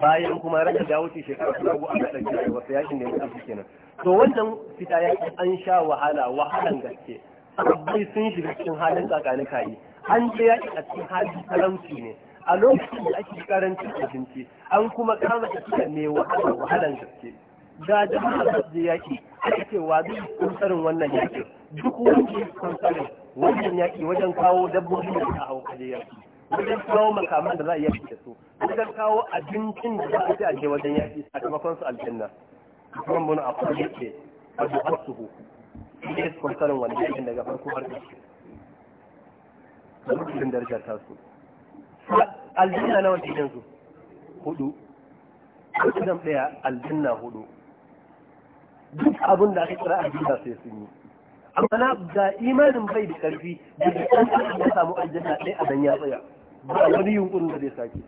bayan kuma Rajab ya wuce shekara ta uku aka dauki rayuwarsa yakin da ya tsarki kenan to wannan fita ya an sha wahala wahalan gaske sabbai sun shiga cikin halin tsakanin kayi an je ya a cikin halin karamci ne a lokacin da ake karancin abinci an kuma kama tafiya cikin ne wahalan gaske ga jama'a da je yaki ake ce wa zai kunsarin wannan yaki duk wanda ya kunsarin wannan yaki wajen kawo dabbobi da ta hau kaje yaki wajen kawo makaman da za a yaki da su wajen kawo abincin da za a ce a ke wajen yaki sakamakon su aljanna kuma mun a kuma yake a duwar su hu ne su kwantarin wani yakin daga farko har da shi da mutum darajar tasu aljanna nawa ce yanzu hudu a adam daya aljanna hudu duk abin da aka kira aljanna sai sun yi amma na ga imanin bai da karfi da kan ya samu aljanna ɗaya a nan ya tsaya ba wani yunkurin da zai sake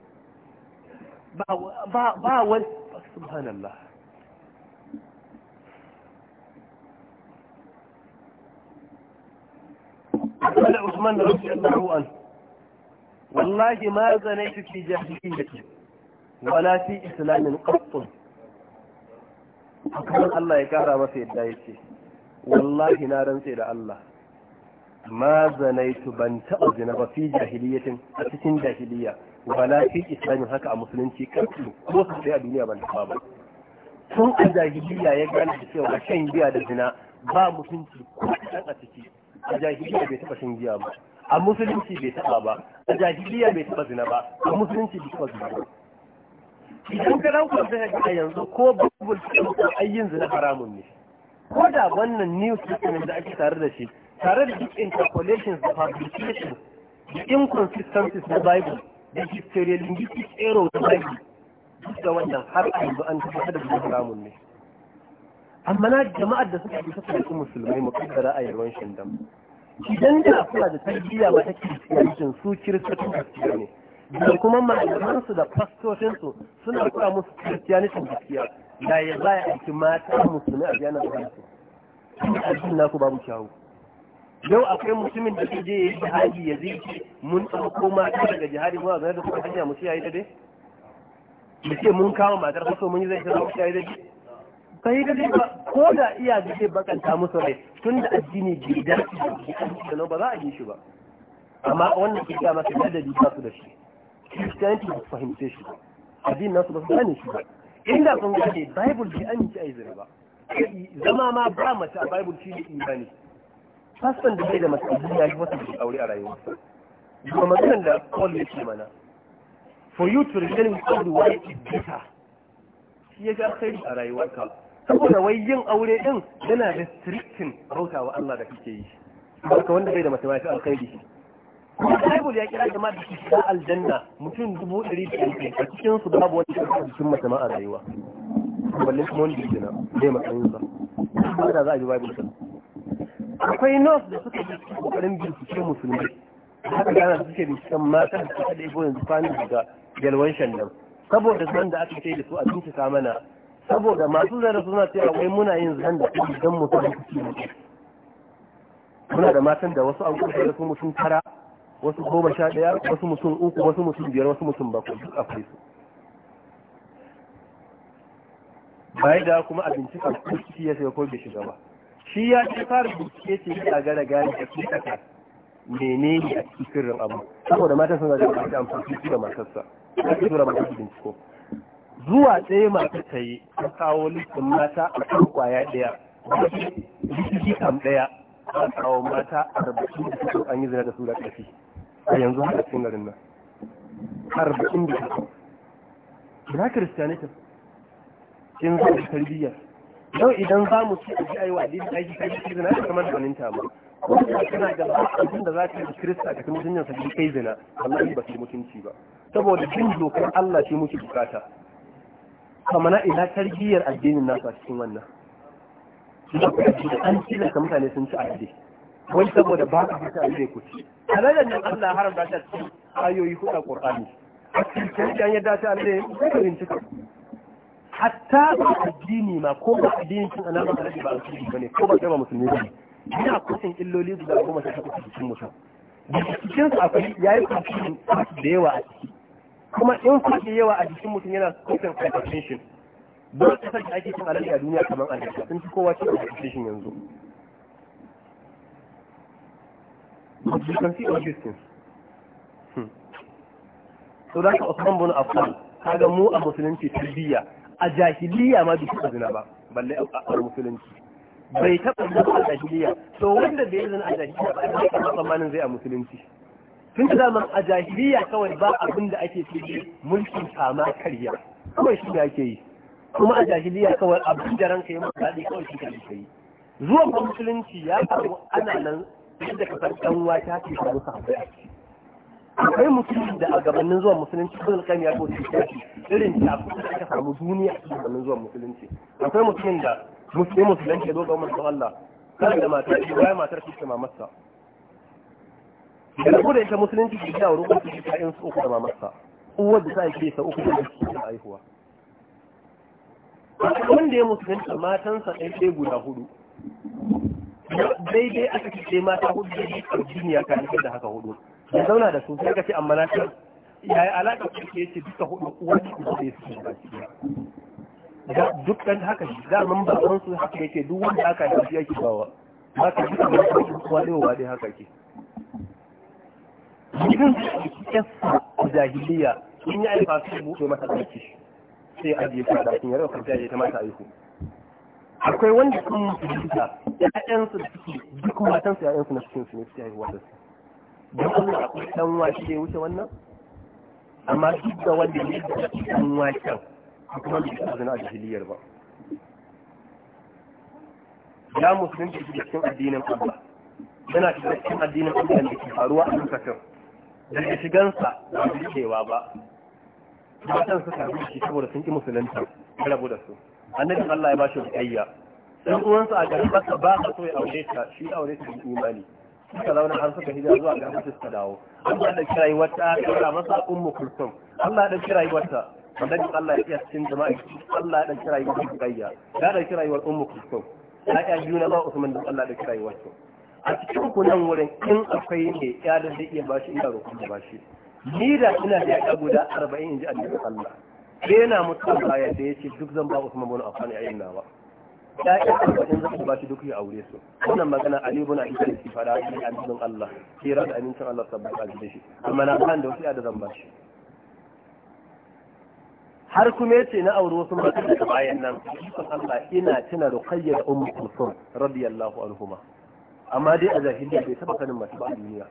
ba wani subhanallah da Usman da Rufi Al-Ru'an, wallahi ma zane suke jahilin da ke, wala fi islamin ƙafin, hakanan Allah ya kara masa yadda ya ce, wallahi na rantse da Allah, ma su ban taɓa zina ba fi jahiliyyatin a cikin jahiliya, wala fi islamin haka a musulunci ƙarfi ko su sai a duniya ban taɓa ba. Sun a jahiliya ya gane da cewa shan biya da zina ba mutunci ko a ciki. a jahiliya bai taba shan giya ba a musulunci bai taba ba a jahiliya bai taba zina ba a musulunci bai taba zina ba idan ka rauka da ga yanzu ko bubul ko ayyin zina haramun ne ko da wannan new system da ake tare da shi tare da duk interpolations da fabrications da inconsistencies na bible da history linguistic error da bible duk da wannan har a yanzu an tabbatar zina haramun ne amma na jama'ar da suka fita su musulmai mu kaddara a yarwan shindam idan da kuma da tarbiyya ba ta kirkiyancin su kiristocin gaskiya ne da kuma su da su suna kura musu kirkiyanitin gaskiya da ya za a aiki mata musulmi a biyanar da su addinin ku babu kyawu yau akwai mutumin da ke je ya yi jihadi ya zai mun ɗauko mata daga jihadi zuwa zanar da kuma hanya mu shi yayi dade mu ce mun kawo matar kaso mun yi zai ta zama shi yayi dade sai da ko da iya zai bakanta musu rai tun da addini gidan dace da ba za a yi shi ba amma wannan ke ga masa ladabi ba su da shi Christianity ba su fahimce shi ba addini nasu ba su gane shi ba inda sun gane Bible bai an ci yi zira ba zama ma ba mace a Bible shi ne imani fasfan da bai da mace addini ya yi wata aure a rayuwarsa kuma maganar da Paul yake mana for you to remain with all the white bitter shi ya ga a rayuwarka saboda wai yin aure din yana restricting rauta wa Allah da kake yi barka wanda bai da mace ya fi alkhairi shi kuma Bible ya kira jama'a da shiga aljanna mutum dubu ɗari da yanki a cikin su babu wani shiga cikin mace ma a rayuwa balle kuma wanda yake na zai matsayin sa kuma da za a bi Bible kan akwai nos da suka yi kokarin ce musulmi haka gana suke binciken matan da suka ɗebo yanzu kwanan daga yalwan shandan saboda zan da aka kai da su a bincika mana saboda masu zara suna cewa wai muna yin zan da kuma don mutum da kuke mutu muna da matan da wasu an kusa da su mutum tara wasu goma sha ɗaya wasu mutum uku wasu mutum biyar wasu mutum bako duk akwai su bai da kuma abinci a kuski ya sai ko shiga ba shi ya ce fara bincike ce a gara gari da cikin mene ne a cikin sirrin abu saboda matan suna da amfani da matarsa ya ce binciko zuwa ɗaya mata ta yi ta kawo listin mata a kan kwaya ɗaya listin kam ɗaya a kawo mata a arba'in da suka an yi zina da su da ƙarfi a yanzu haka cikin garin nan arba'in da suka ina kiristiyanitin in zo da tarbiyyar yau idan za mu ci aji ayi wadi da aiki kai shi zina kamar da ninta ba da kana da abin da za ka yi kirista ka mutuncin sabbin kai zina wallahi ba su mutunci ba saboda jin dokar Allah shi muke bukata kamana ila tarbiyyar addinin nasu a cikin wannan an tilasta mutane sun ci addini Wani saboda ba ka fita addini ku ci halalar nan Allah haramta ta cikin ayoyi cikin Qur'ani kirkiyan yadda ta Allah ya rinci ka hatta ba addini ma ko ba addinin cin anama da ba ba ne ko ba ba musulmi ne. ina kusan illoli guda goma sha takwas cikin mutum da cikin akwai yayi kusin da yawa a ciki kuma in kuɗi yawa a jikin mutum yana kofin hypertension don kasar da ake cin alaji a duniya kamar alaji sun fi kowa cin hypertension yanzu you can see all these things hmm. so da ka Osman bin Affan kaga mu a musulunci tarbiyya a jahiliya ma bai taɓa zina ba balle a musulunci bai taɓa zina a jahiliya to wanda bai zina a jahiliya ba a tsammanin zai a musulunci tun da zaman a jahiliya kawai ba abin da ake fi mulkin kama karya kawai shi ake yi kuma a jahiliya kawai abin da ranka yi maka daɗi kawai shi ka yi Zuwa ba musulunci ya faru ana nan yadda ka san ɗan wata ce ka musu haɗuwa akwai musulunci da a gabanin zuwa musulunci sun kan ya kowace shafi irin ta da aka samu duniya a gabanin zuwa musulunci akwai mutumin da musulunci ya zo ga umar Allah kada da matar shi bayan matar shi ta mamarsa da na kuda ita musulunci ke gida wurin kuma ta yin uku da mamarsa uwar da ta ke sa uku da su da aihuwa wanda ya musulunci matansa ɗaya ɗaya guda hudu daidai aka ce mata hudu da ya ɗauki ya kan da haka hudu ya zauna da su sai ka ce amma na ta yaya alaƙa ku ke ce duka hudu uwar ce su ne su ba shi da dukkan haka shi za mun ba wansu haka yake duk wanda aka yi ki bawa ba ka duka ba su wani wa dai haka ke gidan a jahiliya in ya aifa su buɗe masa ɗauki sai a je ta ɗakin ya rauka jaje ta mata aiko akwai wanda sun ya ƴaƴansu da suke duk matansu ƴaƴansu na cikin su ne suke yi da su don Allah akwai ɗan wace ya wuce wannan amma duk da wanda ne da ɗan a kuma bai ta zina a jahiliyar ba ya musulunci cikin addinin Allah yana cikin addinin Allah da ke faruwa a lokacin daga shigansa ba su cewa ba matan suka bi shi saboda sun ki musulunta ya rabu da su annabin Allah ya ba shi biyayya dan uwansa a garin Makka ba ka so ya aure ta shi aure ta da imani suka zauna har suka hijira zuwa ga Makka suka dawo Allah da kira wata kira masa ummu kulsum Allah da kira wata annabin Allah ya iya cikin jama'a Allah da kira wata biyayya da da kira ummu kulsum ya ya yuna ba Usman da Allah da kira wata a cikin kunan nan wurin in akwai ne yadda zai iya bashi ina roƙon da bashi ni da ina da ya guda arba'in in ji annabi Allah sai na mutum baya da ya ce duk zan ba Usman bin Affan a yin nawa yi arba'in zan ba shi duk ya aure su wannan magana Ali bin Abi Talib ki fara a cikin Allah kira da amincin Allah sabbata da shi amma na kan da wasiya da zan ba shi har kuma yace na aure wasu mata da bayan nan Allah ina tuna Ruqayyah ummu Kulsum radiyallahu anhuma amma dai a jahiliya bai taba sanin masu ba a duniya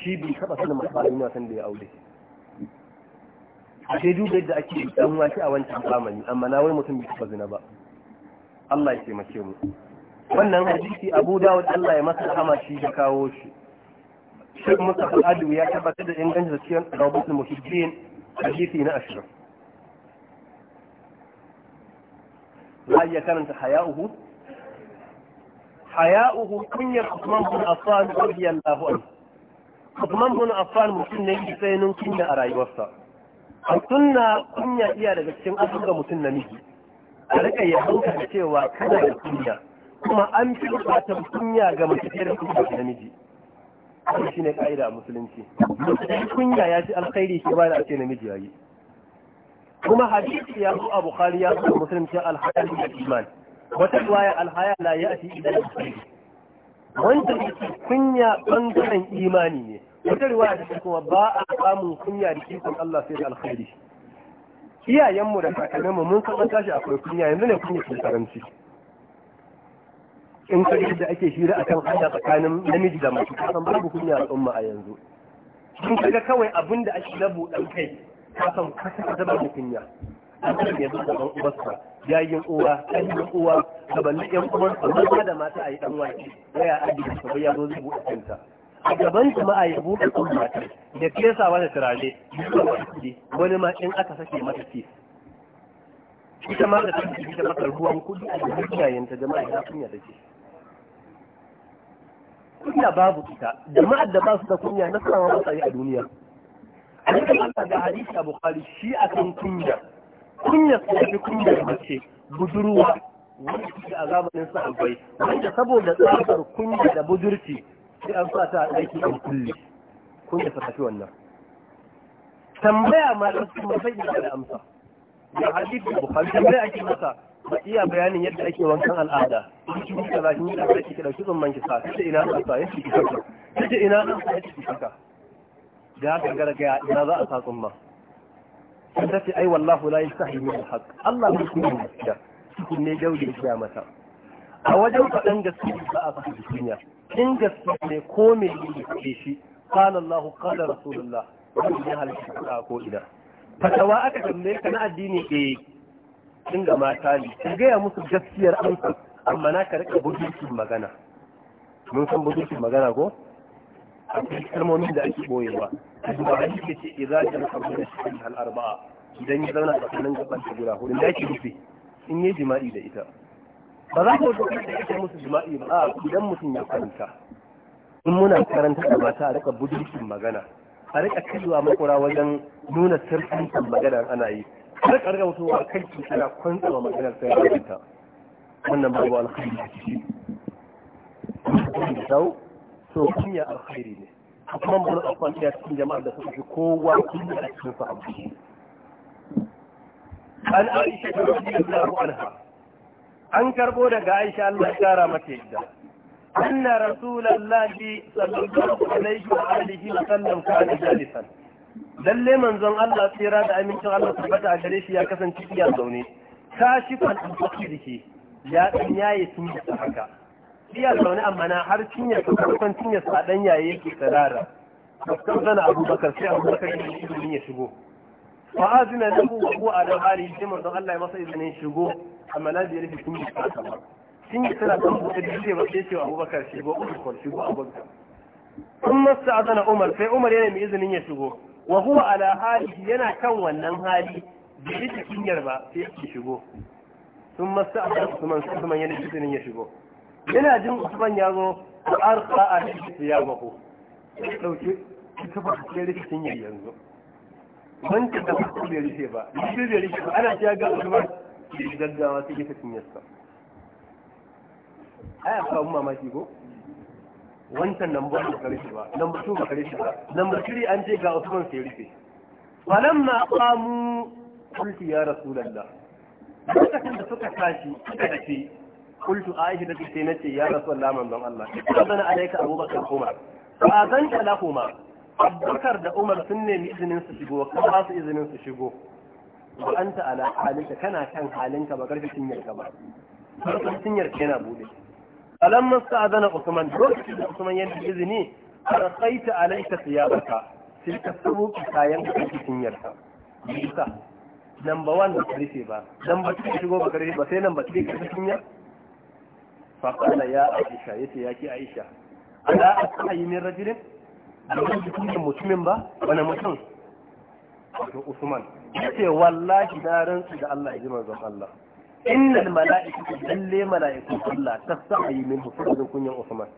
shi bai taba sanin masu ba a duniya san da ya aure a sai duba yadda ake dan wasi a wancan zamani amma na wai mutum bai taba zina ba Allah ya taimake mu wannan hadisi Abu Dawud Allah ya masa rahama shi ya kawo shi Sheikh Mustafa Adu ya tabbatar da ingancin cikin Rawbut al-Muhibbin hadisi na ashirin. Za ya karanta haya'uhu haya'uhu kunyar Usman bin Affan radiyallahu anhu Usman bin Affan mutum ne yake sai nun kunya a rayuwarsa a sunna kunya iya daga cikin asuka mutum namiji a rika ya hanka cewa kana da kunya kuma an fi bukatar kunya ga mace da kunya namiji wannan shine ka'ida a musulunci kunya ya ji alkhairi shi ba da ake namiji yayi kuma hadisi ya zo a bukhari ya zo muslim ce alhadari da iman wata riwaya alhaya la ya'ti ila al-khair wanda yake kunya bangaren imani ne wata riwaya ta kuma ba a samun kunya da ikon Allah sai da alkhairi iyayenmu da mu mun san tashi akwai kunya yanzu ne kunya ke karanci in ka da ake shiri akan hanya tsakanin namiji da mace kasan babu kunya Umma a yanzu in kaga kawai abinda ake labu dan kai kasan kasa kasa babu kunya abin da ya zuba ban uwarsa yayin uwa ɗan uwa gabanin ƴan uwarsa maza da mata a yi ɗan wake waya aji da shabai ya zo zai buɗe kanta a gaban jama'a ya buɗe kan mata da fesa mata turare da wani wani ma in aka sake mata ce ita ma da take ita maka ruwan kuɗi a jikin yayinta jama'a ta kunya da ke kunya babu ita jama'ar da ba su da kunya na sama masa a duniya a cikin Allah da hadisi a Bukhari shi akan kunya kunya sai kunya mace budurwa wanda take a zamanin sa akwai wanda saboda tsabar kunya da budurci sai an sa ta aiki a ɗaki an kulle kunya ta tafi wannan tambaya ma da su mafi da amsa da hadisi bukhari tambaya ake masa ba iya bayanin yadda ake wankan al'ada shi ne kaza shi ne da ake kira shi zumman ki sa sai ina an sa yake ki saka sai ina an sa yake ki saka da haka gargaya ina za a sa tsumma ta ce ai wallahu la yastahi min al-haq Allah ne kuma gaskiya cikin ne jauje ya masa a wajen faɗan gaskiya ba a faɗi duniya in gaskiya ne ko me ne shi qala Allah qala rasulullah wannan ya halitta ko ina fatawa aka tambaye ka na addini eh kin ga mata ne ka gaya musu gaskiyar amsa amma na ka rika budurcin magana mun san budurcin magana ko akwai kalmomin da ake boyewa ba a yake ce idza ta kabu da shi hal arba'a idan ya zauna tsakanin gaban ta guda hudu da yake rufe in yi jima'i da ita ba za ka wuce da ita musu jima'i ba idan mutum ya kwanta, in muna karanta da mata a rika budurcin magana a rika kaiwa makura wajen nuna sarkancin magana ana yi har ka rika mutuwa kai ki kana kwantsa maganar sai ka wannan babu alkhairi a ciki. so kunya alkhairi ne kuma mun kwan ya cikin jama'ar da suka fi kowa kunya a cikin ne an aisha radiyallahu anha an karbo daga aisha Allah ya kara mata yadda anna rasulullahi sallallahu alaihi wa alihi wa sallam kana jalisan lalle manzon Allah tsira da amincin Allah tabbata a gare shi ya kasance iya zaune kashifan an fakirki ya dan yayi sun haka iya da wani Amana har cinya su farkon cinya su a ɗan yaye yake tsirara fuskar zana abubakar sai abubakar ya shi domin ya shigo fa azina lahu ko a da hali sai don Allah ya masa izinin shigo amma na biyar shi cinya ba kama yi tana kan buɗe da sai ba sai cewa abubakar shigo abubakar shigo abubakar a zana umar sai umar yana mai izinin ya shigo wa huwa ala hali yana kan wannan hali bai yi cinyar ba sai ya shigo sun masu a kan su man su man yana izinin ya shigo yana jin usman ya zo arqa a cikin ya mako dauke kafa cikin rikicin yayi yanzu wanda da kuma bai rufe ba shi bai rufe ba ana cewa ga usman gaggawa sai ka cinyarsa aya ka mamaki ko wancan nan ba ka rufe ba nan ba ba ka rufe ba nan ba shiri an je ga usman sai rufe ma qamu qulti ya rasu rasulullah lokacin da suka tashi suka tafi qultu aisha da sai nace ya rasulullah manzon Allah kana alayka abubakar umar fa azanta lahuma abubakar da umar sun nemi izinin su shigo ka ba su izinin su shigo ba anta ala halinka kana kan halinka ba karfi ka ba karfin cinyar ka yana bude alamma sa'adana usman lokacin da usman ya izini sai ka kayan ka number 1 ba karfe ba 2 shigo ba karfe ba sai number 3 ka faƙala ya aisha ya ce ya ki aisha ala aka yi min rajulin da wani mutumin ba wani mutum wato usman ya ce wallahi na rantsu da allah ya ji manzon allah innal mala'iku lalle mala'ikun allah ta sa a yi min hukumar kunyan usman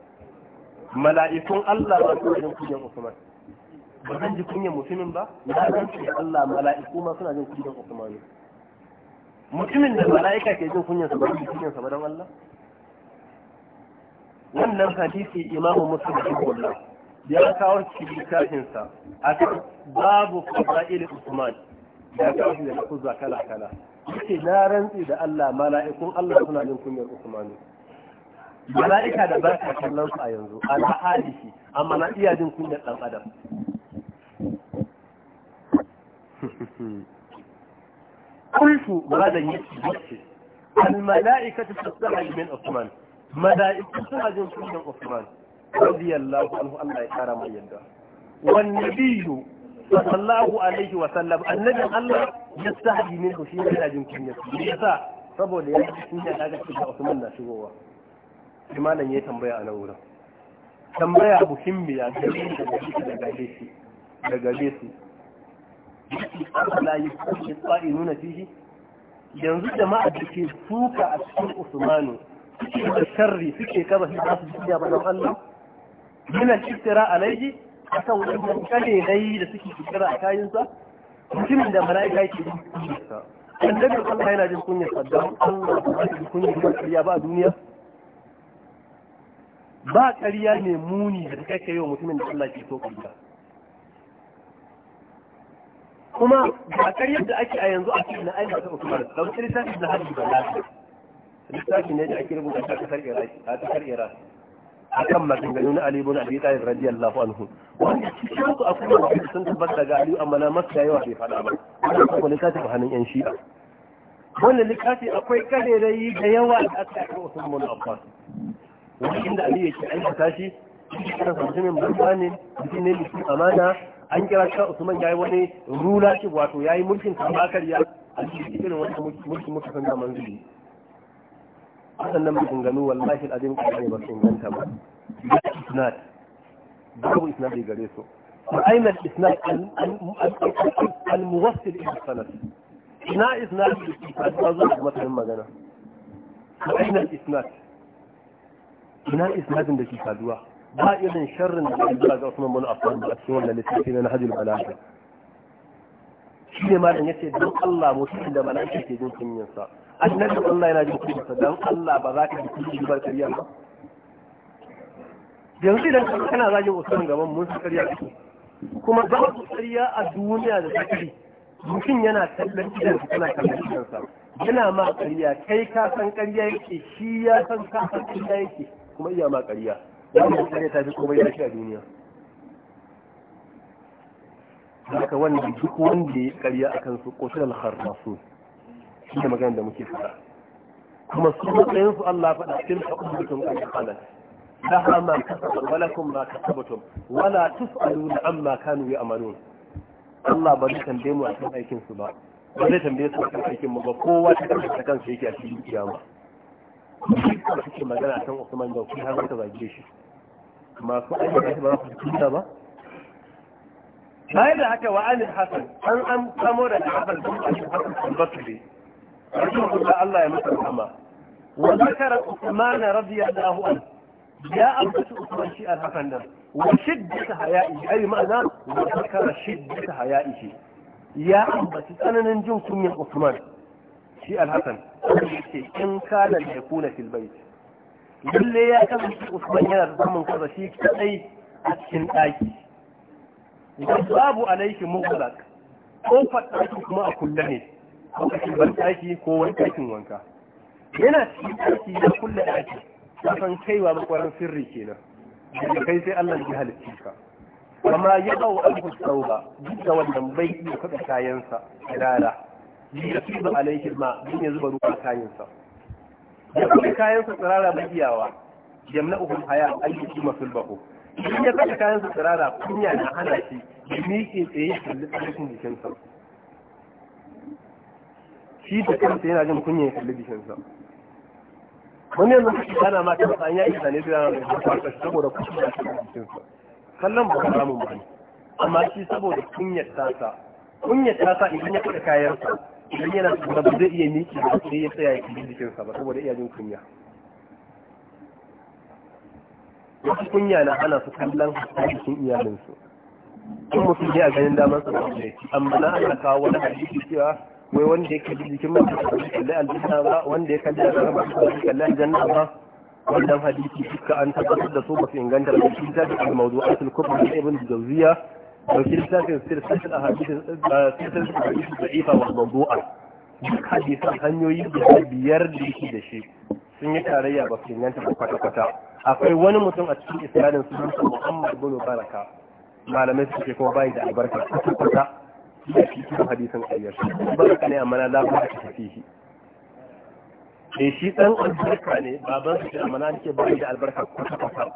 mala'ikun allah ba su wajen kunyan usman ba zan ji kunyan mutumin ba na rantsu da allah mala'iku ma suna jin kunyan usman mutumin da mala'ika ke jin su ba su jin kunyansa ba don allah wannan hadisi imamu muslim rahimahullah ya kawo shi littafin sa akan babu fadail usman ya kawo shi da kuzza kala kala yake na rantsi da Allah mala'ikun Allah suna jin kunyar usman mala'ika da ba ta kallon su a yanzu ala hadisi amma na iya jin kunyar dan adam قلت ماذا يكفي الملائكة تستحي من عثمان mala'iku suna jin sunan Usman radiyallahu anhu Allah ya kara mai yadda wan nabiyyu sallallahu alaihi wa sallam annabi Allah ya sahabi min shi yana jin kunya yasa saboda ya ji kunya daga cikin Usman na shigowa imanan ya tambaya a nan wurin tambaya muhimmiya ga da gare shi da gare su Allah ya kunya tsari nuna fihi yanzu jama'a da ke suka a cikin Usmanu suke da sharri suke kaba shi za su shirya ba don Allah yana shiftira alaihi a kan wajen kane dai da suke shiftira a kayansa mutumin da mala'ika yake jin kunyarsa annabi Kalla yana jin kunyarsa don Allah ba shi kunyar ba ƙarya ba a duniya ba ƙarya ne muni da ta kai wa mutumin da Allah ke so kunya kuma ba ƙaryar da ake a yanzu a cikin na ainihin ta Usman da wani littafin na Hajji Balaga littafi ne da ake rubuta ta kasar iraki a kasar iraki akan maganganu na Ali ibn Abi Talib radiyallahu anhu wanda cikin su akwai wanda sun tabbata daga Ali amma na masa yawa bai fada ba wannan kuma littafi ba hannun yan shi'a wannan littafi akwai karerai da yawa da aka yi Usman bin Affan wanda Ali yake aikata shi cikin mutumin banza ne mutum ne mutum amana an kira shi Usman yi wani rula shi wato Ya yi mulkin kama karya a cikin wani mulkin mutum da manzili waɗannan maganganu wallahi al'adun ƙarfi ba su ganta ba isnad babu isnad ya gare su ma aina isnad al-muwassil ila sanad ina isnad ya ta zo da matsayin magana ma aina isnad ina isnadin da ke faduwa ba irin sharrin da ke zuwa ga wasu mamman afuwan da a cikin wannan littafi na hajjul bala'a shi ne ma dan yace don Allah mutum da mala'ika ke jin kunyar annabi Allah yana jin kudin sa dan Allah ba za ka ji kudin ba kariya ba yanzu idan kana zagin usman gaban mun su kariya kake kuma ba su kariya a duniya da take mutum yana kallon idan kana kallon idan sa yana ma kariya kai ka san kariya yake shi ya san ka san kariya yake kuma iya ma kariya wannan kariya ta fi komai da a duniya haka wanda duk wanda ya yi karya akan su qutila al masu. shi ne magana da muke fara kuma su matsayin su Allah faɗa cikin hukumtum al-qalam laha ma kasabat wa lakum ma kasabatum wa la tus'aluna amma kanu ya'malun Allah ba zai tambaye mu a cikin aikin su ba ba zai tambaye su a cikin aikin mu ba kowa ta kansa kansa yake a cikin kiyama shi kuma suke magana kan Usman da kuma har ta zage shi masu aiki ba su tuta ba bayan da haka wa an hasan an an kamo da hasan bin hasan al-basri rahimahullah Allah ya masa rahama wa zakara Uthman radiyallahu anhu ya ambaci Usman shi alhakan nan wa shiddata haya'i ai ma'ana wa zakara shiddata haya'i ya ambaci tsananin jin kunyan Usman shi alhakan yace in kana da yakuna fil bait lalle ya kasance Usman yana da zaman kaza shi kadai a cikin daki babu alaiki mughlaq kofar daki kuma a kulle ne lokacin ban taki ko wani takin wanka yana cikin taki na kulle daki kasan kaiwa makwaran sirri kenan daga kai sai Allah ya halicce ka amma ya bawa alku tauba duk da wannan bai iya kada kayansa dala ya tuba alaihi ma din ya zuba ruwa kayansa ya kuma kayansa tsirara mai iyawa na yamna'uhum haya aiki ayyuki masulbahu in ya kada kayansa tsirara kunya na hana shi miƙe tsaye da jikinsa shi da kansa yana jin kunya ya kalli jikinsa wani yanzu kashi kana ma ta matsayin ya isa ne da yana da saboda kusa ya kalli jikinsa kallon ba samun ba ne amma shi saboda kunyar tasa kunyar tasa idan ya kada kayansa idan yana da ba zai iya miki da sai ya tsaya ya kalli jikinsa ba saboda iya jin kunya wasu kunya na ana su kallon jikin iyalinsu in mutum ya ganin damar su amma na ana kawo wani hadisi cewa wai wanda ya kalli jikin mutum ba zai kalli aljanna ba wanda ya kalli aljanna ba zai kalli aljanna ba wannan hadisi duka an tabbatar da su ba su inganta da shi ta da mawdu'atul kubra da ibn jawziya da shi ta da sirrin ahadith da eh, sirrin ahadith da'ifa wa mawdu'a duk hadisan hanyoyi da biyar da yake da shi sun yi tarayya ba su inganta ba kwata kwata akwai wani mutum a cikin isnadin sunan Muhammad bin Baraka malamai suke kuma bai da albarka kwata kwata ya fi cikin hadisan ƙaryar ba ka ne amma na labar ka tafi shi ne eh, shi ɗan albarka ne baban su ce amma na nake ba da albarka kwata kwata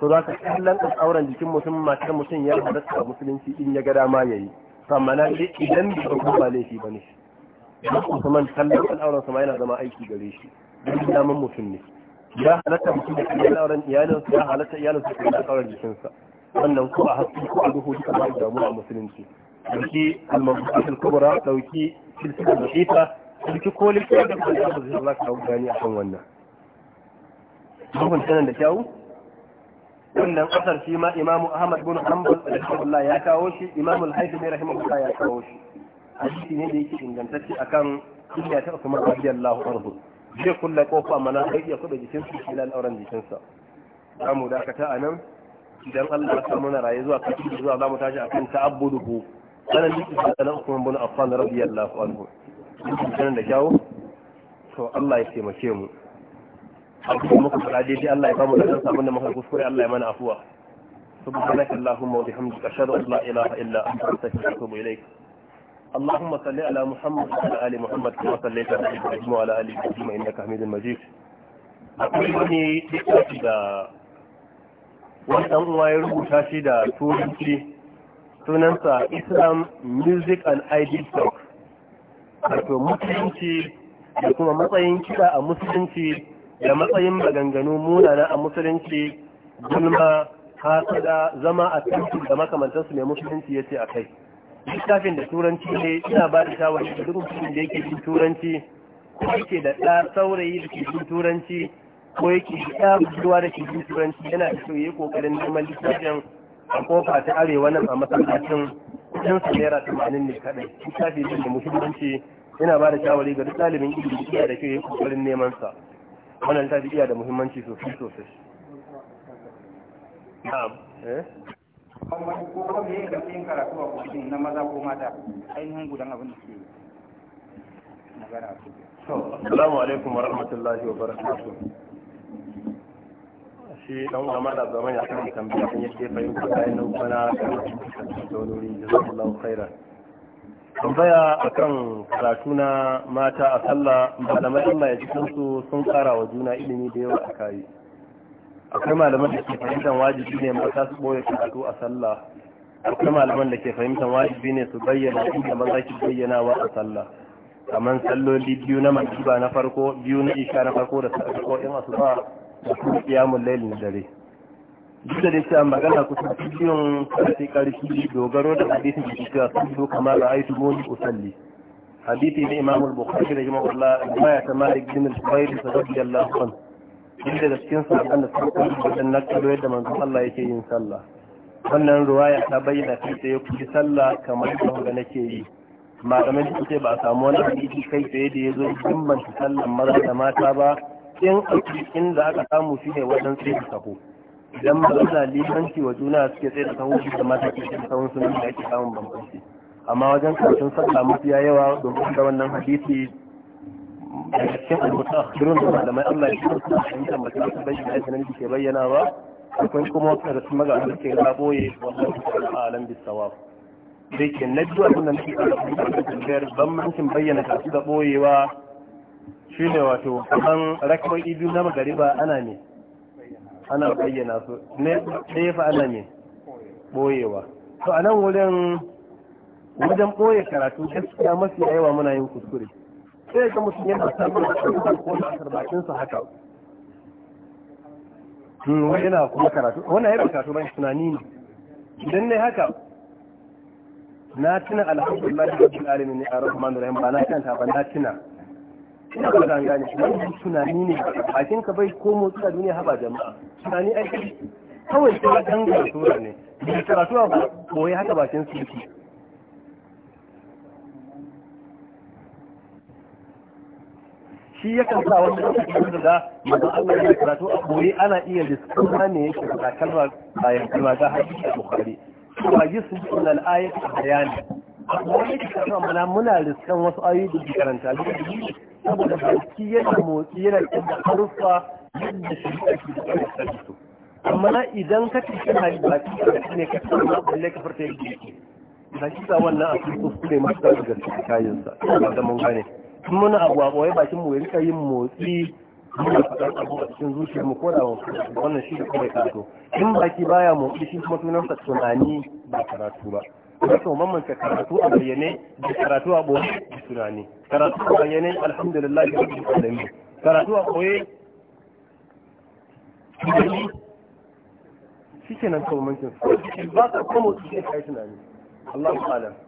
so za ka kallon auren jikin mutum matar mutum ya halatta musulunci in ya ga dama ya yi amma na idan bai ɗauko ba laifi ba ne musamman kallon al'auran sama yana zama aiki gare shi duk daman mutum ne ya halatta mutum da kallon al'auran iyalinsa ya halatta iyalinsa da kallon al'auran jikinsa wannan ko a haske ko a duhu duka ba damuwa a musulunci dauki al-mabu'at al-kubra dauki silsila al-ifa dauki ko littafin da kan abu zai Allah kawo gani a kan wannan mun sanan da kyau wannan asar shi ma imamu ahmad bin hanbal rahimahullah ya kawo shi imamu al-haythami haifi rahimahullah ya kawo shi hadisi ne da yake ingantacce akan illa ta kuma radiyallahu anhu zai kulla kofa mana sai ya kuɗa jikin su shi auren jikinsa za mu dakata anan nan idan Allah ya samu na raye zuwa kafin zuwa za mu tashi akan ta'abbuduhu sanan duk da sanan Usman bin Affan radiyallahu anhu sanan da kyawu to Allah ya taimake mu abubuwan muka fara daidai Allah ya bamu da kan sabon da muka kuskure Allah ya mana afuwa subhanaka allahumma wa bihamdika ashhadu an la ilaha illa anta astaghfiruka wa atubu اللهم صل على محمد وعلى ال محمد كما صليت على ابراهيم وعلى ال ابراهيم انك حميد مجيد akwai wani littafi da wani ɗan uwa ya rubuta da turanci sunansa islam music and id talk wato musulunci da kuma matsayin kiɗa a musulunci da matsayin maganganu munana a musulunci gulma hasada zama a tantu da makamantarsu mai musulunci ya ce a kai littafin da turanci ne ina ba da shawarci da duk mutumin da yake jin turanci ko yake da ɗa saurayi da ke jin turanci ko yake da ɗa da ke jin turanci yana da so ya yi ƙoƙarin neman littafin a kofa ta arewa nan a masallacin kudin su naira tamanin ne kadai littafi jin da muhimmanci yana ba da shawari ga duk ɗalibin ilimi iya da ke kokarin neman sa wannan littafi iya da muhimmanci sosai sosai kuma ne da na maza ainihin da ke assalamu alaikum wa rahmatullahi wa shi dan uwa mata zaman ya kan tambaya kan yake fahimta bayan nan kwana kan dolori jazakallahu khairan tambaya akan karatu na mata a sallah malamai mai jikin su sun kara wa juna ilimi da yawa a kayi akwai malaman da ke fahimtar wajibi ne mata su boye karatu a sallah akwai malaman da ke fahimtar wajibi ne su bayyana inda maza ki bayyanawa a sallah kamar salloli biyu na magriba na farko biyu na isha na farko da sa'adu ko in asuba da kuma kiyamun lailin dare duk da a magana kusan cikin karfi karfi dogaro da hadisi da cewa sun zo kamar ra'aytu ko usalli hadisi ne imam al-bukhari da jama'a Allah ma ya da bin al-bayr radiyallahu anhu duk da cikin sa da sun da nakalo yadda manzon Allah yake yin sallah wannan ruwaya ta bayyana kai tsaye ku yi sallah kamar da nake yi malamai da ba a samu wani hadisi kai tsaye da ya zo dimbanta sallan maza da mata ba in aikin da aka samu shi ne wajen tsaye da sahu idan ba za limanci wa juna suke tsaye da sahu shi da mata ke tsaye da sahun sunan da ake samun bambanci amma wajen karshen sallah mafiya yawa domin da wannan hadisi daga cikin almutakhirun da malamai Allah ya kira su ba su bayyana aikin da ke bayyana ba akwai kuma wata da kuma ga da ke raboye wannan alam bisawab dai ke na da nake da tambayar bayyana kasu da boyewa ne wato kaman rakmai biyu na magariba ana ne ana bayyana su ne ɗaya fa ana ne boyewa to a nan wurin wajen boye karatu gaskiya mafi yawa muna yin kuskure sai ga mutum yana samun da ko da bakin sa haka hmm, wai ina kuma karatu wannan yana karatu ban tunani ne idan ne haka na tuna alhamdulillah rabbil alamin ne a rahmanir rahim ba na tuna ta ba na tuna ina ba zan gane wannan tunani ne bakin ka bai komo tsaka duniya haba jama'a tunani ai kawai sai dan sura ne da karatu a koyi haka bakin su yake shi ya kan sa wani lokacin da da manzon Allah ya karatu a koyi ana iya diskuma ne yake da kalmar bayan kalma da hadisi Bukhari wa yusbihu al-ayat bayani amma wani kasa muna riskan wasu ayoyi da karanta da saboda baki yana motsi yana da harufa yadda ne ke da ƙarfi su amma idan ka tafi hali ba ki da ne ka san ba balle ka farta yake yake ba ki sa wannan akwai ne masu da gaske kayan sa ba da mun gane muna abu a boye bakin mu ya rika yin motsi muna faɗar abu a cikin zuciya mu ko da wannan shi da kuma karatu in baki baya motsi shi kuma tunan sa tunani ba karatu ba kuma mamman ta karatu a bayyane da karatu a boye da tunani karatu a bayyane alhamdulillah da rabbil alamin karatu a boye tunani shikenan kawai mancin ba ka kuma tunani Allahu alam